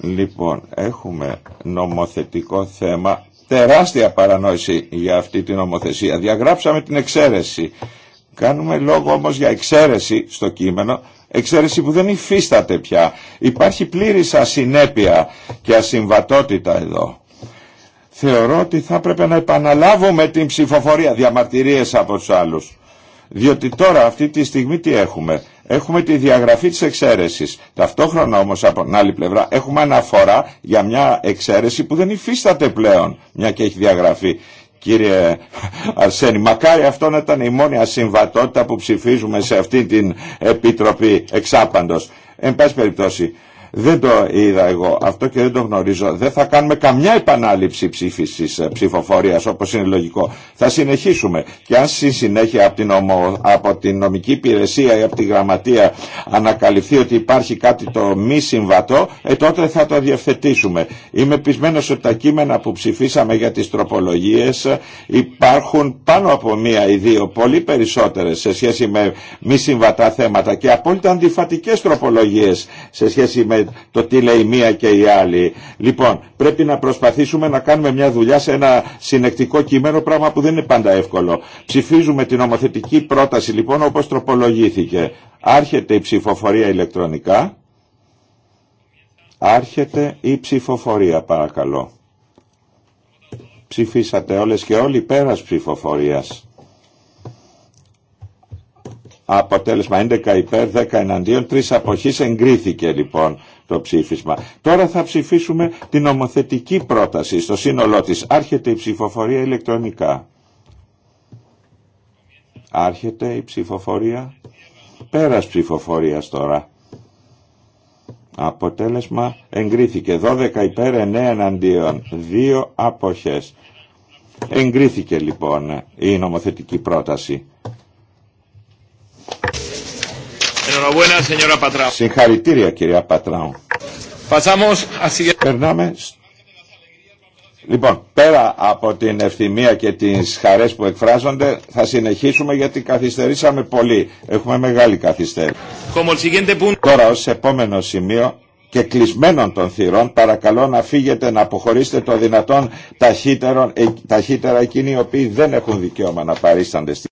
Speaker 2: Λοιπόν, έχουμε νομοθετικό θέμα, τεράστια παρανόηση για αυτή την νομοθεσία. Διαγράψαμε την εξαίρεση. Κάνουμε λόγο όμως για εξαίρεση στο κείμενο, εξαίρεση που δεν υφίσταται πια. Υπάρχει πλήρης ασυνέπεια και ασυμβατότητα εδώ. Θεωρώ ότι θα έπρεπε να επαναλάβουμε την ψηφοφορία διαμαρτυρίες από τους άλλους. Διότι τώρα αυτή τη στιγμή τι έχουμε. Έχουμε τη διαγραφή της εξαίρεσης. Ταυτόχρονα όμως από την άλλη πλευρά έχουμε αναφορά για μια εξαίρεση που δεν υφίσταται πλέον, μια και έχει διαγραφεί. Κύριε Αρσένη, μακάρι αυτό να ήταν η μόνη ασυμβατότητα που ψηφίζουμε σε αυτή την Επιτροπή εξάπαντος. Εν πάση περιπτώσει, δεν το είδα εγώ αυτό και δεν το γνωρίζω. Δεν θα κάνουμε καμιά επανάληψη ψήφιση ε, ψηφοφορία όπω είναι λογικό. Θα συνεχίσουμε. Και αν στη συνέχεια από την, νομική υπηρεσία ή από τη γραμματεία ανακαλυφθεί ότι υπάρχει κάτι το μη συμβατό, ε, τότε θα το διευθετήσουμε. Είμαι πεισμένο ότι τα κείμενα που ψηφίσαμε για τι τροπολογίε ε, υπάρχουν πάνω από μία ή δύο, πολύ περισσότερε σε σχέση με μη συμβατά θέματα και απόλυτα αντιφατικέ τροπολογίε σε σχέση με το τι λέει η μία και η άλλη. Λοιπόν, πρέπει να προσπαθήσουμε να κάνουμε μια δουλειά σε ένα συνεκτικό κείμενο, πράγμα που δεν είναι πάντα εύκολο. Ψηφίζουμε την νομοθετική πρόταση λοιπόν όπως τροπολογήθηκε. Άρχεται η ψηφοφορία ηλεκτρονικά. Άρχεται η ψηφοφορία παρακαλώ. Ψηφίσατε όλες και όλοι πέρας ψηφοφορίας. Αποτέλεσμα 11 υπέρ, 10 εναντίον, 3 αποχής εγκρίθηκε λοιπόν το ψήφισμα. Τώρα θα ψηφίσουμε την νομοθετική πρόταση στο σύνολό της. Άρχεται η ψηφοφορία ηλεκτρονικά. Άρχεται η ψηφοφορία. Πέρας ψηφοφορίας τώρα. Αποτέλεσμα εγκρίθηκε 12 υπέρ 9 εναντίον, δύο αποχές. Εγκρίθηκε λοιπόν η νομοθετική πρόταση. Συγχαρητήρια κυρία Πατράου. Περνάμε Λοιπόν, πέρα από την ευθυμία και τις χαρές που εκφράζονται, θα συνεχίσουμε γιατί καθυστερήσαμε πολύ. Έχουμε μεγάλη καθυστέρηση. Τώρα ως επόμενο σημείο και κλεισμένων των θυρών, παρακαλώ να φύγετε να αποχωρήσετε το δυνατόν ε, ταχύτερα εκείνοι οι οποίοι δεν έχουν δικαίωμα να παρίστανται.